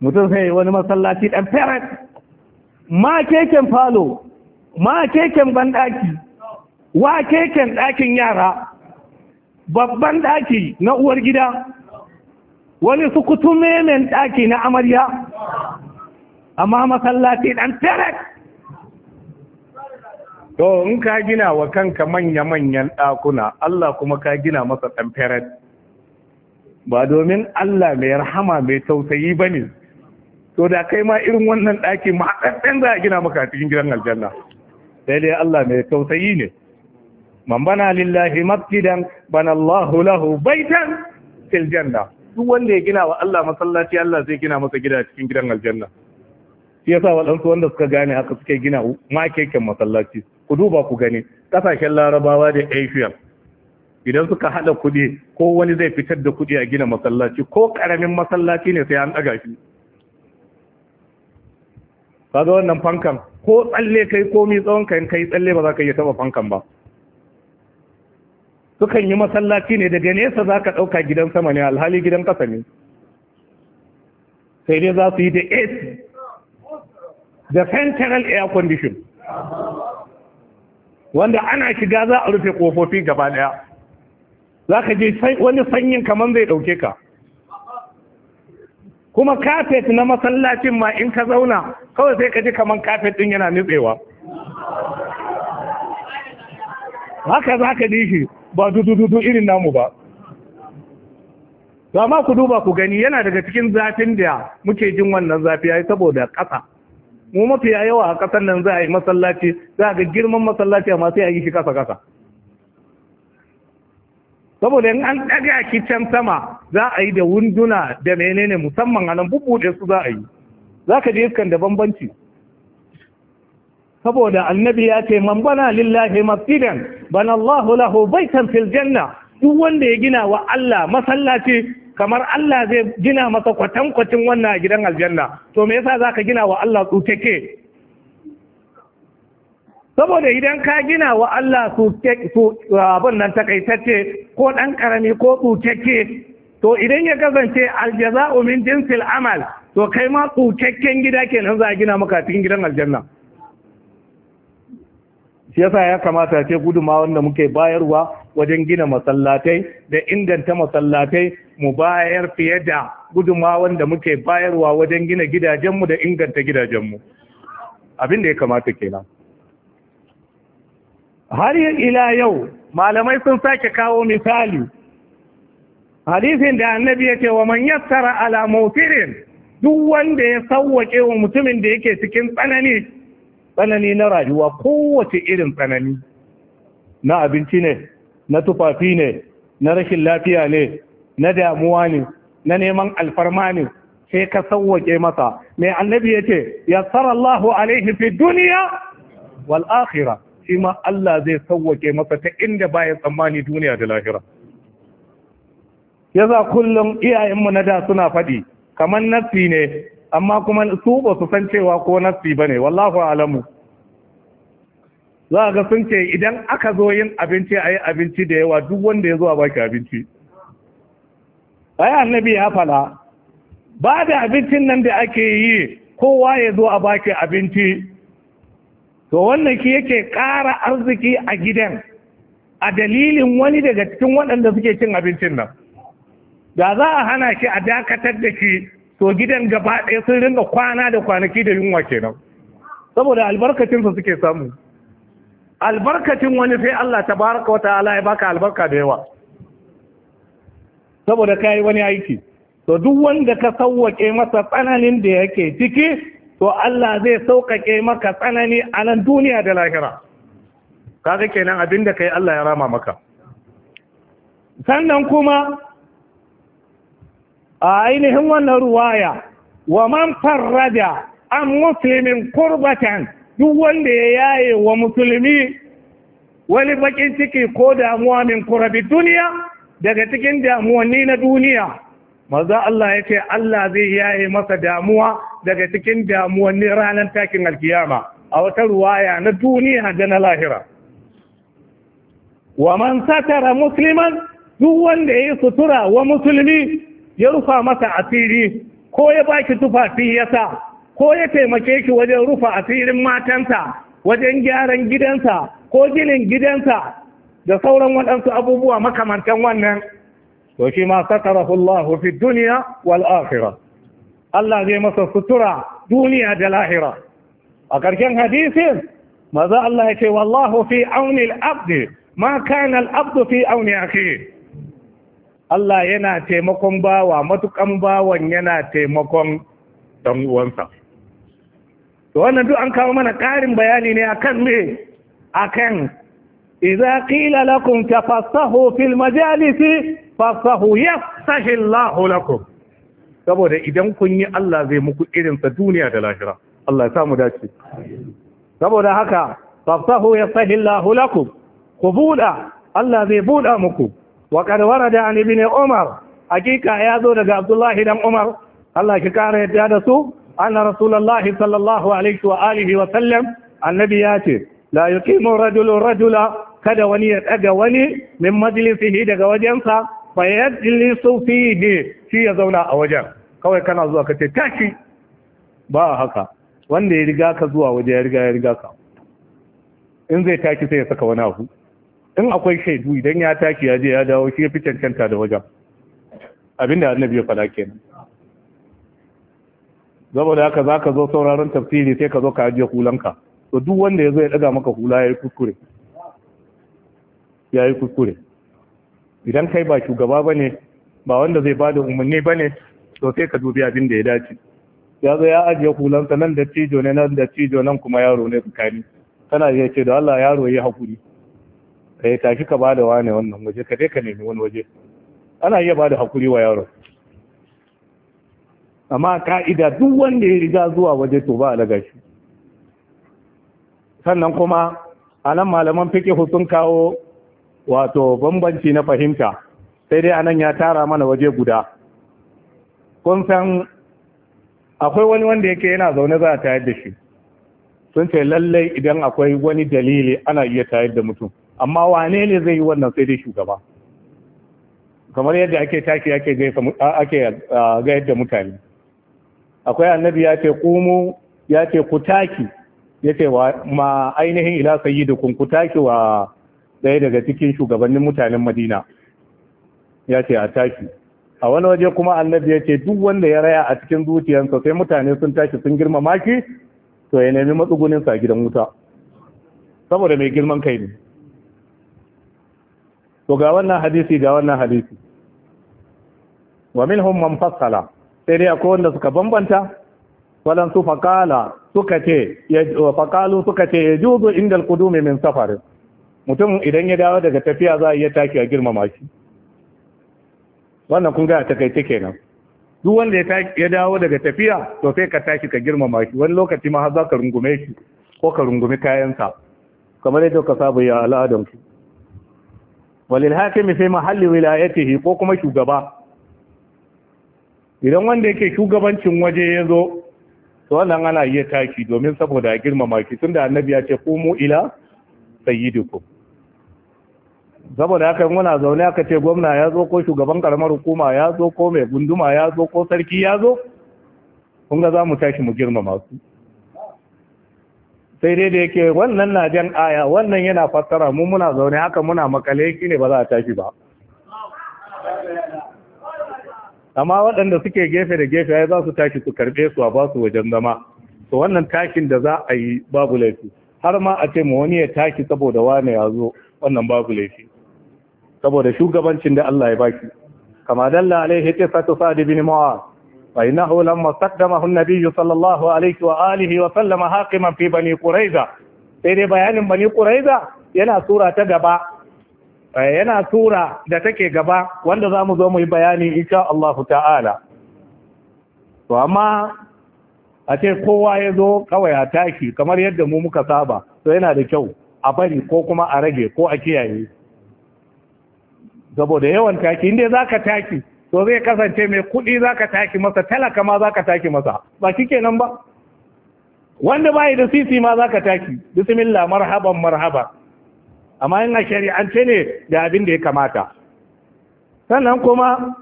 mutum sai wani masallaci ɗan parent ma keken falo ma keken banɗaki wa keken ɗakin yara babban ɗaki na uwar gida wani su kutume mai ɗaki na amarya amma masallaci ɗan tarak to in ka gina wa kanka manya-manyan ɗakuna Allah kuma ka gina masa ɗan tarak ba domin Allah mai rahama mai tausayi ba ne to da kai ma irin wannan ɗaki ma ɗan za a gina maka cikin gidan aljanna sai dai Allah mai tausayi ne man bana lillahi masjidan bana Allahu lahu baitan fil janna duk wanda ya gina wa Allah masallaci Allah zai gina masa gida cikin gidan aljanna shi yasa waɗansu wanda suka gane haka suke gina ma keken masallaci ku duba ku gani ƙasashen larabawa da asia idan suka haɗa kuɗi ko wani zai fitar da kuɗi a gina masallaci ko ƙaramin masallaci ne sai an ɗaga shi kaga wannan fankan ko tsalle kai komi tsawon kai kai tsalle ba za ka iya taɓa fankan ba sukan yi masallaci ne daga nesa za ka ɗauka gidan sama ne alhali gidan ƙasa ne sai dai za su yi da ac da central air condition wanda ana shiga za a rufe ƙofofi gaba ɗaya za ka je wani sanyin kamar zai ɗauke ka kuma kafet na masallacin ma in ka zauna kawai sai ka ji kamar kafet ɗin yana nutsewa haka za ka ji shi ba dudududu irin namu ba ba ma ku duba ku gani yana daga cikin zafin da muke jin wannan zafi yi saboda ƙasa mu mafi yawa a ƙasar nan za a yi masallaci za a ga girman masallaci amma sai a shi ƙasa-ƙasa. saboda in an ɗaga a kicin sama za a yi da wunduna da menene musamman a nan bubbuɗe su za a yi za ka je iskan da bambanci saboda annabi ya ce man bana lillahi masjidan bana Allah lahu baitan fil janna duk wanda ya gina wa Allah masallaci kamar Allah zai gina masa kwatankwacin wannan a gidan aljanna to me yasa zaka gina wa Allah tsutake saboda idan ka gina wa Allah su abin nan takaitacce ko dan karami ko tsutake to idan ya kasance aljaza'u min jinsil amal to kai ma tsukakken gida kenan za a gina maka cikin gidan aljanna shi yasa ya kamata ce guduma wanda muke bayarwa wajen gina masallatai da inganta masallatai mu bayar fiye da guduma wanda muke bayarwa wajen gina gidajenmu da inganta gidajenmu abin da ya kamata kenan har ila yau malamai sun sake kawo misali hadisin da annabi ya ce wa man yassara ala mawtirin duk wanda ya sawwake wa mutumin da yake cikin tsanani tsanani na rayuwa kowace irin tsanani na abinci ne na tufafi ne na rashin lafiya ne na damuwa ne na neman alfarma ne sai ka sauwake masa mai annabi ya ce ya sarallahu alaihi fi duniya wal akhirah shi ma Allah zai sauwake masa ta inda baya tsammani duniya da lahira yaza kullum iyayenmu na da suna faɗi kamar nafi ne amma kuma su ba su san cewa ko nassi bane wallahu alamu za ga sun ce idan aka zo yin abinci ayi abinci da yawa duk wanda ya zo a baki abinci Bayan annabi ya fala ba da abincin nan da ake yi kowa ya zo a baki abinci to wannan ki yake ƙara arziki a gidan a dalilin wani daga cikin waɗanda suke cin abincin nan da za a hana ki a dakatar da ki to gidan gaba ɗaya sun rinna kwana da kwanaki da yunwa kenan saboda albarkacinsa suke samu albarkacin wani sai Allah ta baraka wata ala ya baka albarka da yawa saboda ka yi wani aiki to duk wanda ka sauwaƙe masa tsananin da yake ciki to Allah zai sauƙaƙe maka tsanani a nan duniya da lahira kaga kenan abin da kai Allah ya rama maka sannan kuma a ainihin wannan ruwaya wa man farraja an muslimin kurbatan duk wanda ya yaye wa musulmi wani bakin ciki ko damuwa min kurabi duniya daga cikin damuwanni na duniya maza Allah ya ce Allah zai yaye masa damuwa daga cikin damuwanni ranar takin alkiyama a wata ruwaya na duniya da na lahira wa man satara musliman duk wanda ya yi sutura wa musulmi ya rufa masa asiri ko ya baki tufafi ya sa ko ya taimake shi wajen rufa asirin matansa wajen gyaran gidansa ko ginin gidansa da sauran waɗansu abubuwa makamantan wannan to shi ma satarahu Allah fi dunya wal akhirah Allah zai masa sutura duniya da lahira a ƙarshen hadisin maza Allah ya ce wallahu fi auni al-abd ma kana al-abd fi auni akhihi Allah yana taimakon bawa matukan bawan yana taimakon dan uwansa to wannan duk an kawo mana ƙarin bayani ne akan me akan idza qila lakum tafassahu fil majalisi fasahu yafsahu Allah lakum saboda idan kun yi Allah zai muku irinsa duniya da lahira Allah ya samu dace saboda haka fasahu yafsahu Allah lakum ku buɗa Allah zai buɗa muku wa qad warada an ibn umar hakika ya zo daga abdullahi dan umar Allah ki kara yadda da su anna rasulullahi sallallahu alaihi wa alihi wa sallam annabi ya ce la yuqimu rajulun kada wani ya daga wani min majlisihi daga wajensa fa yajlisu fihi shi ya zauna a wajen kawai kana zuwa kace tashi ba haka wanda ya riga ka zuwa waje ya riga ya riga ka in zai taki sai ya saka wani abu in akwai shaidu idan ya tashi ya je ya dawo shi ya fi cancanta da wajen abinda annabi ya faɗa kenan saboda haka za ka zo sauraron tafsiri sai ka zo ka ajiye hulanka to duk wanda ya zo ya daga maka hula ya yi kuskure ya yi kuskure idan kai ba shugaba ba ne ba wanda zai bada umarni ba ne to sai ka dubi abin da ya dace ya zo ya ajiye hulansa nan da cijo ne nan da cijo nan kuma yaro ne tsakani kana iya ce da Allah yaro ya yi hakuri. kai eh, tashi ka bada wane wannan waje ka je ka nemi wani waje ana iya bada hakuri wa yaro amma ka'ida duk wanda ya riga zuwa waje to ba alaga shi sannan kuma a nan malaman fiƙe sun kawo wato bambanci na fahimta sai dai anan ya tara mana waje guda kun san akwai wani wanda yake yana zaune za a tayar da shi sun ce lallai idan akwai wani dalili ana iya tayar da mutum amma wane ne zai yi wannan sai dai shugaba kamar yadda ake taki ake ga yadda mutane akwai annabi ya ce kumu ya ce ku taki ya ce wa ma ainihin ila sayyidukum ku taki wa daya daga cikin shugabannin mutanen Madina ya ce a taki a wani waje kuma annabi ya ce duk wanda ya raya a cikin zuciyarsa sai mutane sun tashi sun girmama shi to ya nemi matsugunin sa gidan wuta saboda mai girman kai ne to ga wannan hadisi ga wannan hadisi wa minhum man fassala sai dai akwai wanda suka bambanta walan su faqala suka ce faqalu suka ce yajuzu inda alqudumi min safar mutum idan ya dawo daga tafiya za a iya taki a girmama shi wannan kun ga kai take kenan duk wanda ya dawo daga tafiya to sai ka tashi ka girmama shi wani lokaci ma har za ka rungume shi ko ka rungumi kayansa kamar yadda ka saba ya al'adanku walil hakimi fi mahalli wilayatihi ko kuma shugaba idan wanda yake shugabancin waje ya zo to wannan ana iya taki domin saboda a girmama ki tunda annabi ya ce qumu ila sayyidikum saboda haka muna zaune aka ce gwamna ya zo ko shugaban karamar hukuma ya zo ko mai gunduma ya zo ko sarki ya zo kun ga za mu tashi mu girmama su sai dai da yake wannan na jan aya wannan yana fassara mu muna zaune haka muna makale shi ne ba za a tashi ba amma waɗanda suke gefe da gefe ya za su tashi su karɓe su a ba su wajen zama to wannan takin da za a yi babu laifi har ma a ce ma wani ya tashi saboda wane ya zo wannan babu laifi saboda shugabancin da Allah ya baki kama dalla alaihi ta sa ibn mawa فإنه لما استخدمه النبي صلى الله عليه وآله وسلم حاكما في بني قريظة سيدي بيان بني قريظة ينا سورة تقبع yana tura eh, da take gaba wanda za mu zo mu yi bayani insha Allahu ta'ala to amma a ce kowa ya zo kawai a taki kamar yadda mu muka saba to yana da kyau a bari ko kuma a rage ko a kiyaye saboda yawan taki inda za taki to zai kasance mai kuɗi za ka taki masa talaka ma za ka taki masa ba shi nan ba wanda bayi da sisi ma za ka taki bismillah marhaban marhaba amma yin a shari'ance ne da abin da ya kamata sannan kuma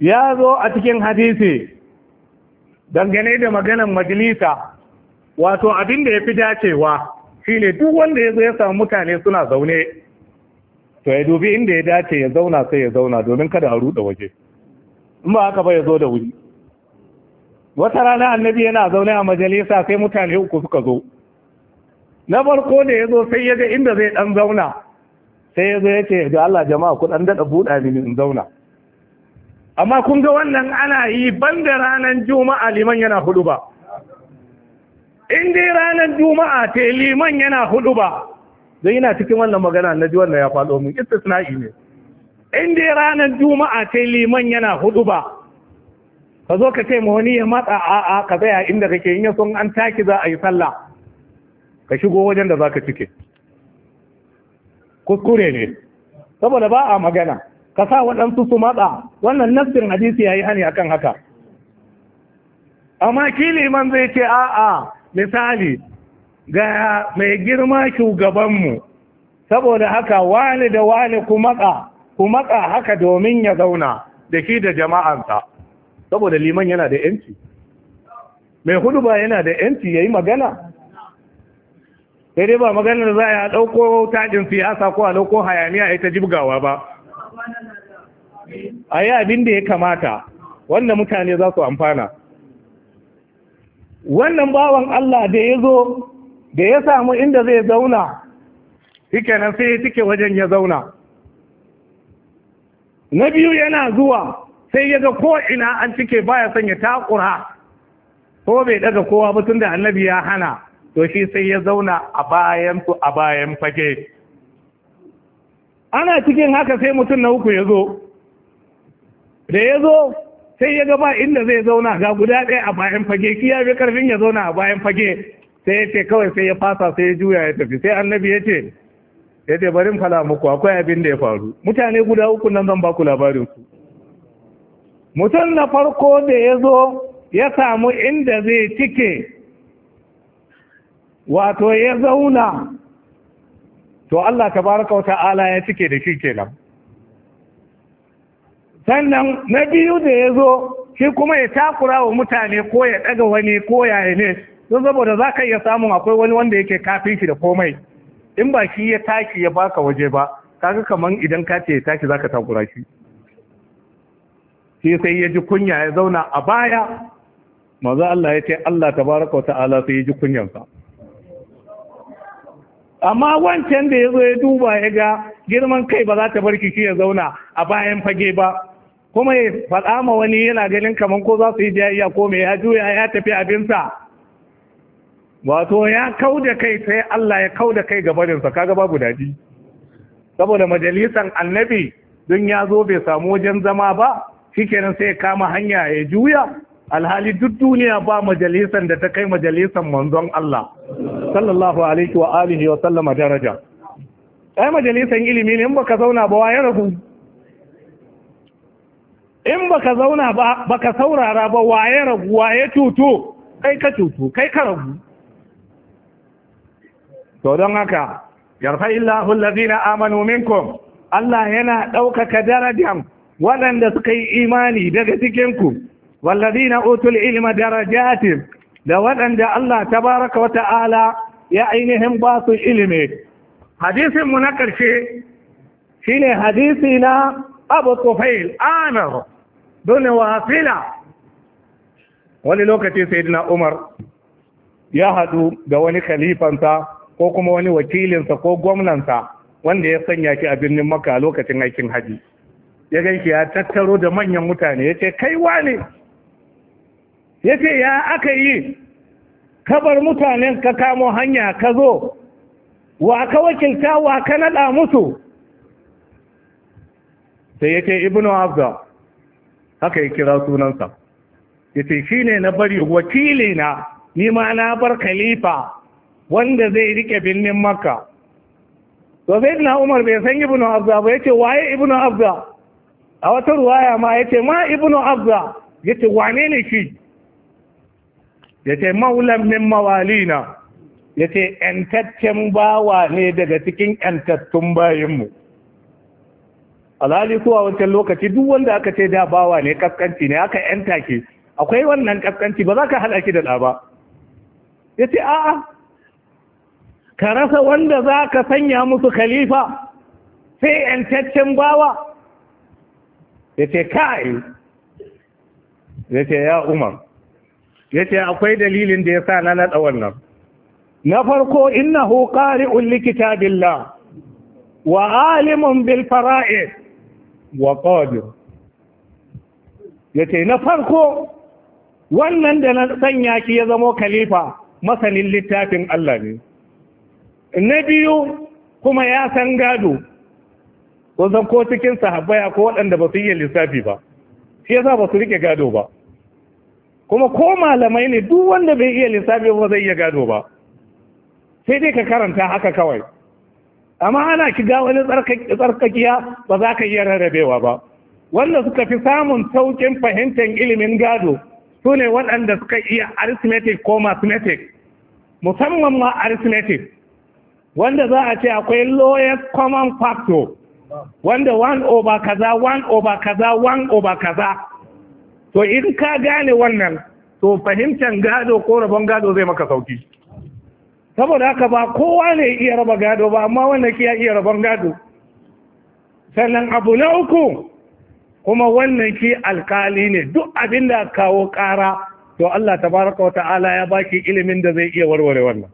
ya zo a cikin hadisi dangane da maganan majalisa wato abin da ya fi dacewa shine duk wanda ya zo ya samu mutane suna zaune to ya dubi inda ya dace ya zauna sai ya zauna domin kada a ruɗa waje in ba haka ba ya zo da wuri wata rana annabi yana zaune a majalisa sai mutane uku suka zo na farko da yazo sai ya ga inda zai dan zauna sai ya zo ya ce da Allah jama'a ku dan dada buɗa mini in zauna amma kun ga wannan ana yi ban da ranar juma'a liman yana hudu ba in dai ranan juma'a ta liman yana hudu ba don yana cikin wannan magana na ji wannan ya faɗo min istisna'i ne in dai ranar juma'a sai liman yana hudu ba ka zo ka ce ma wani ya matsa a'a ka tsaya inda kake yin ya an taki za a yi sallah ka shigo wajen da za ka cike kuskure ne saboda ba a magana ka sa waɗansu su matsa wannan nassin hadisi ya yi hani akan haka amma ki liman zai ce a'a misali ga mai girma shugabanmu saboda haka wani da wani ku matsa ku matsa haka domin ya zauna da ke da jama'ansa saboda liman yana da yanci mai hudu ba yana da yanci ya yi magana Daidai ba maganar za a ɗauko taɗin siyasa ko a ɗauko hayaniya ita jibgawa ba a yi abin da ya kamata wannan mutane za su amfana wannan bawan Allah da ya zo da ya samu inda zai zauna kenan sai ya cike wajen ya zauna na biyu yana zuwa sai ya ga ko ina an cike baya son ya takura ko bai daga kowa ba tunda annabi ya hana to shi sai ya zauna a bayan su a bayan fage ana cikin haka sai mutum na uku ya zo da ya zo sai ya gaba inda zai zauna ga guda ɗaya a bayan fage ki ya bi karfin ya zauna a bayan fage sai ya ce kawai sai ya fasa sai ya juya ya tafi sai annabi ya ce ya ce barin fala muku akwai abin da ya faru mutane guda uku nan zan baku labarinsu mutum na farko da ya zo ya samu inda zai cike wato ya zauna to Allah ta baraka wata ala ya cike da shi kenan sannan na biyu da ya zo shi kuma ya takura wa mutane ko ya ɗaga wani ko ya ne don saboda za ka iya samun akwai wani wanda yake kafin shi da komai in ba shi ya tashi ya baka waje ba kaga kaman idan ka ce ya tashi zaka takura shi shi sai ya ji kunya ya zauna a baya manzo Allah ya ce Allah tabaraka wata'ala sai ya ji sa amma wancan da ya zo ya duba ya ga girman kai ba za ta barki shi ya zauna a bayan fage ba kuma ya faɗa ma wani yana ganin kaman ko za su yi jayayya ko mai ya juya ya tafi abinsa wato ya kau da kai sai Allah ya kau da kai gabaninsa, kaga babu daɗi saboda majalisan annabi don ya zo bai samu wajen zama ba shikenan sai ya kama hanya ya juya alhali duk duniya ba majalisan da ta kai majalisan manzon Allah sallallahu alaihi wa alihi wa sallama daraja ai majalisan ilimi ne in baka zauna ba ya rabu in baka zauna ba baka saurara ba waye ragu waye tutu kai ka tutu kai ka ragu to don haka yarfa illahu allazina amanu minkum Allah yana ɗaukaka darajan waɗanda suka yi imani daga cikin cikinku wallazina utul ilma darajati da waɗanda Allah tabaraka wa ta'ala ya ainihin ba su ilimi hadisin mu na ƙarshe shine hadisi na Abu Tufail Amir don wasila wani lokaci sayyidina Umar ya haɗu da wani khalifanta ko kuma wani wakilinsa ko gwamnansa wanda ya sanya shi a birnin maka a lokacin aikin haji ya ganki ya tattaro da manyan mutane ya ce kai wane ya ce ya aka yi kabar mutanen ka kamo hanya ka zo wa ka wakilta wa ka naɗa musu sai ya ce ibnu abda haka ya kira sunansa ya ce shi ne na bari wakilina ni ma na bar khalifa wanda zai rike birnin makka to sai na umar bai san ibnu abza ba yace waye ibnu abza a wata ruwaya ma yace ma ibnu abza yace wane ne shi yace maulan min mawalina yace yantaccen bawa ne daga cikin yantattun bayinmu alhali kuwa wancan lokaci duk wanda aka ce da bawa ne kaskanci ne aka yanta ke akwai wannan kaskanci ba za ka hada ki da ɗa ba yace a'a ka rasa wanda za ka sanya musu khalifa sai ‘yantaccen bawa ya ce kai ya ce ya umar ya ce akwai dalilin da ya sa na naɗa wannan na farko hukari ulikita biLla wa alimun bil fara'id wa Ya ce na farko wannan da na sanya ki ya zamo khalifa masanin littafin Allah ne na biyu kuma ya san gado wasan ko cikin sahabbaya ko waɗanda ba su iya lissafi ba shi yasa ba su rike gado ba kuma ko malamai ne duk wanda bai iya lissafi ba zai iya gado ba sai dai ka karanta haka kawai amma ana ga wani tsarkakiya ba za ka iya rarrabewa ba wanda suka fi samun saukin fahimtar ilimin gado sune ne waɗanda suka iya arithmetic ko mathematics musamman ma arithmetic wanda za a ce akwai lawyer common factor wanda one over kaza one over kaza one over kaza to in ka gane wannan to fahimtar gado ko rabon gado zai maka sauki saboda haka ba kowa ne iya raba gado ba amma wanda ke iya rabon gado sannan abu na uku kuma wannan ki alkali ne duk abin da kawo kara to Allah tabaraka wa ta'ala ya baki ilimin da zai iya warware wannan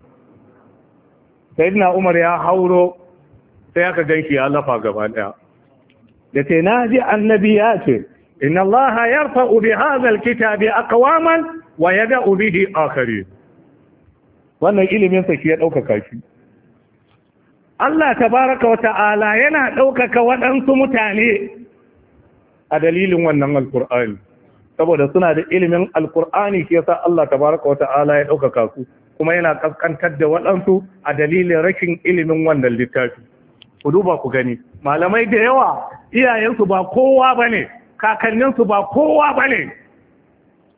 sayyidina umar ya hauro sai aka ganshi ya lafa gaba daya da ce na ji annabi ya ce in Allah ya rfa'u bi hadha alkitabi aqwaman wa di a kare. wannan ilimin sa ya ɗaukaka shi Allah tabaraka wa ta'ala yana ɗaukaka waɗansu mutane a dalilin wannan alkur'ani saboda suna da ilimin alkur'ani shi yasa Allah tabaraka wa ta'ala ya ɗaukaka su kuma yana kaskantar da waɗansu a dalilin rashin ilimin wannan littafi ku duba ku gani malamai da yawa iyayensu ba kowa ba ne kakanninsu ba kowa ba ne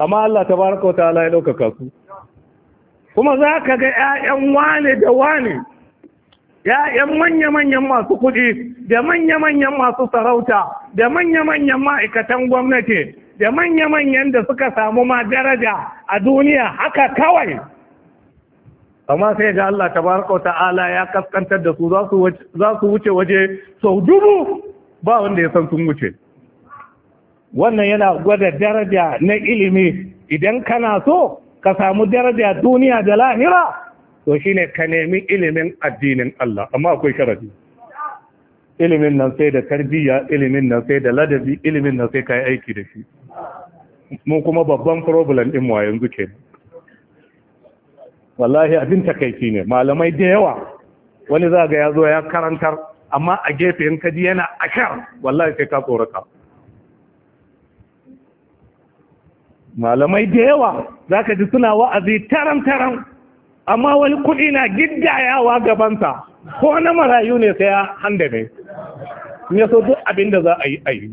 amma Allah ta baraka wa ta'ala ya ɗaukaka su kuma za ka ga 'ya'yan wane da wane ‘ya'yan manya-manyan masu kuɗi da manya-manyan masu sarauta da manya-manyan ma'aikatan gwamnati da manya-manyan da suka samu ma daraja a duniya haka kawai amma sai ga Allah tabaraka ta'ala ya kaskantar da su za su wuce waje sau dubu ba wanda ya san sun wuce wannan yana gwada daraja na ilimi idan kana so ka samu daraja duniya da lahira to shi ne ka nemi ilimin addinin Allah amma akwai sharadi ilimin nan sai da tarbiyya ilimin nan sai da ladabi ilimin nan sai ka yi aiki da shi mun kuma babban problem ɗin mu yanzu kenan wallahi abin takaici ne malamai da yawa wani za ga ya zo ya karantar amma a gefe in kaji yana akar wallahi sai ka tsorata malamai da yawa za ka ji suna wa'azi taran-taran amma wani kuɗi na giddayawa gabansa ko na marayu ne sai ya handa ne so duk abin da za a yi a yi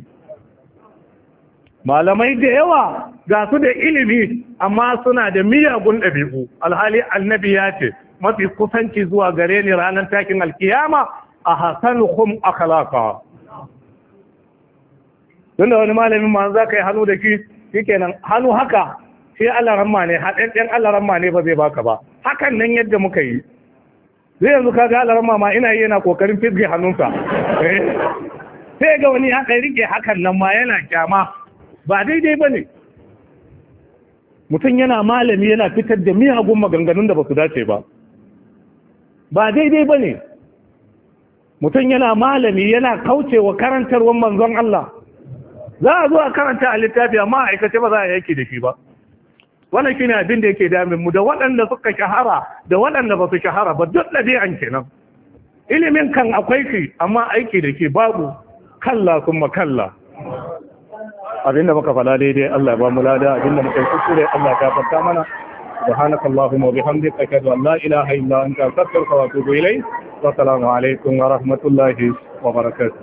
malamai da yawa ga su da ilimi amma suna da miyagun ɗabi'u alhali annabi ya ce mafi kusanci zuwa gare ni ranar takin alkiyama a a akhlaqa tunda wani malamin ma za ka yi hannu da shi shikenan hannu haka shi Allah ramma ne haɗaɗɗen Allah ramma ne ba zai baka ba hakan nan yadda muka yi zai yanzu ga Allah ramma ma ina yi yana kokarin fisge hannunsa eh, sai ga wani ya rike hakan nan ma yana kyama ba daidai ba ne mutum yana malami yana fitar da miyagun maganganun da ba su dace ba ba daidai ba ne mutum yana malami yana kaucewa karantarwar manzon Allah za a zo a karanta a littafi amma a aikace ba za a yake da shi ba shi ne abin da yake damin mu da waɗanda suka shahara da waɗanda ba su shahara ba duk biyan kenan ilimin kan akwai shi amma aiki da ke babu kalla kuma kalla abin da muka fala daidai Allah ba mu lada abin da muka kusa da Allah ya farta mana subhanak allahumma wa bihamdika ashhadu an la ilaha illa anta astaghfiruka wa atubu ilayk wa assalamu alaikum wa rahmatullahi wa barakatuh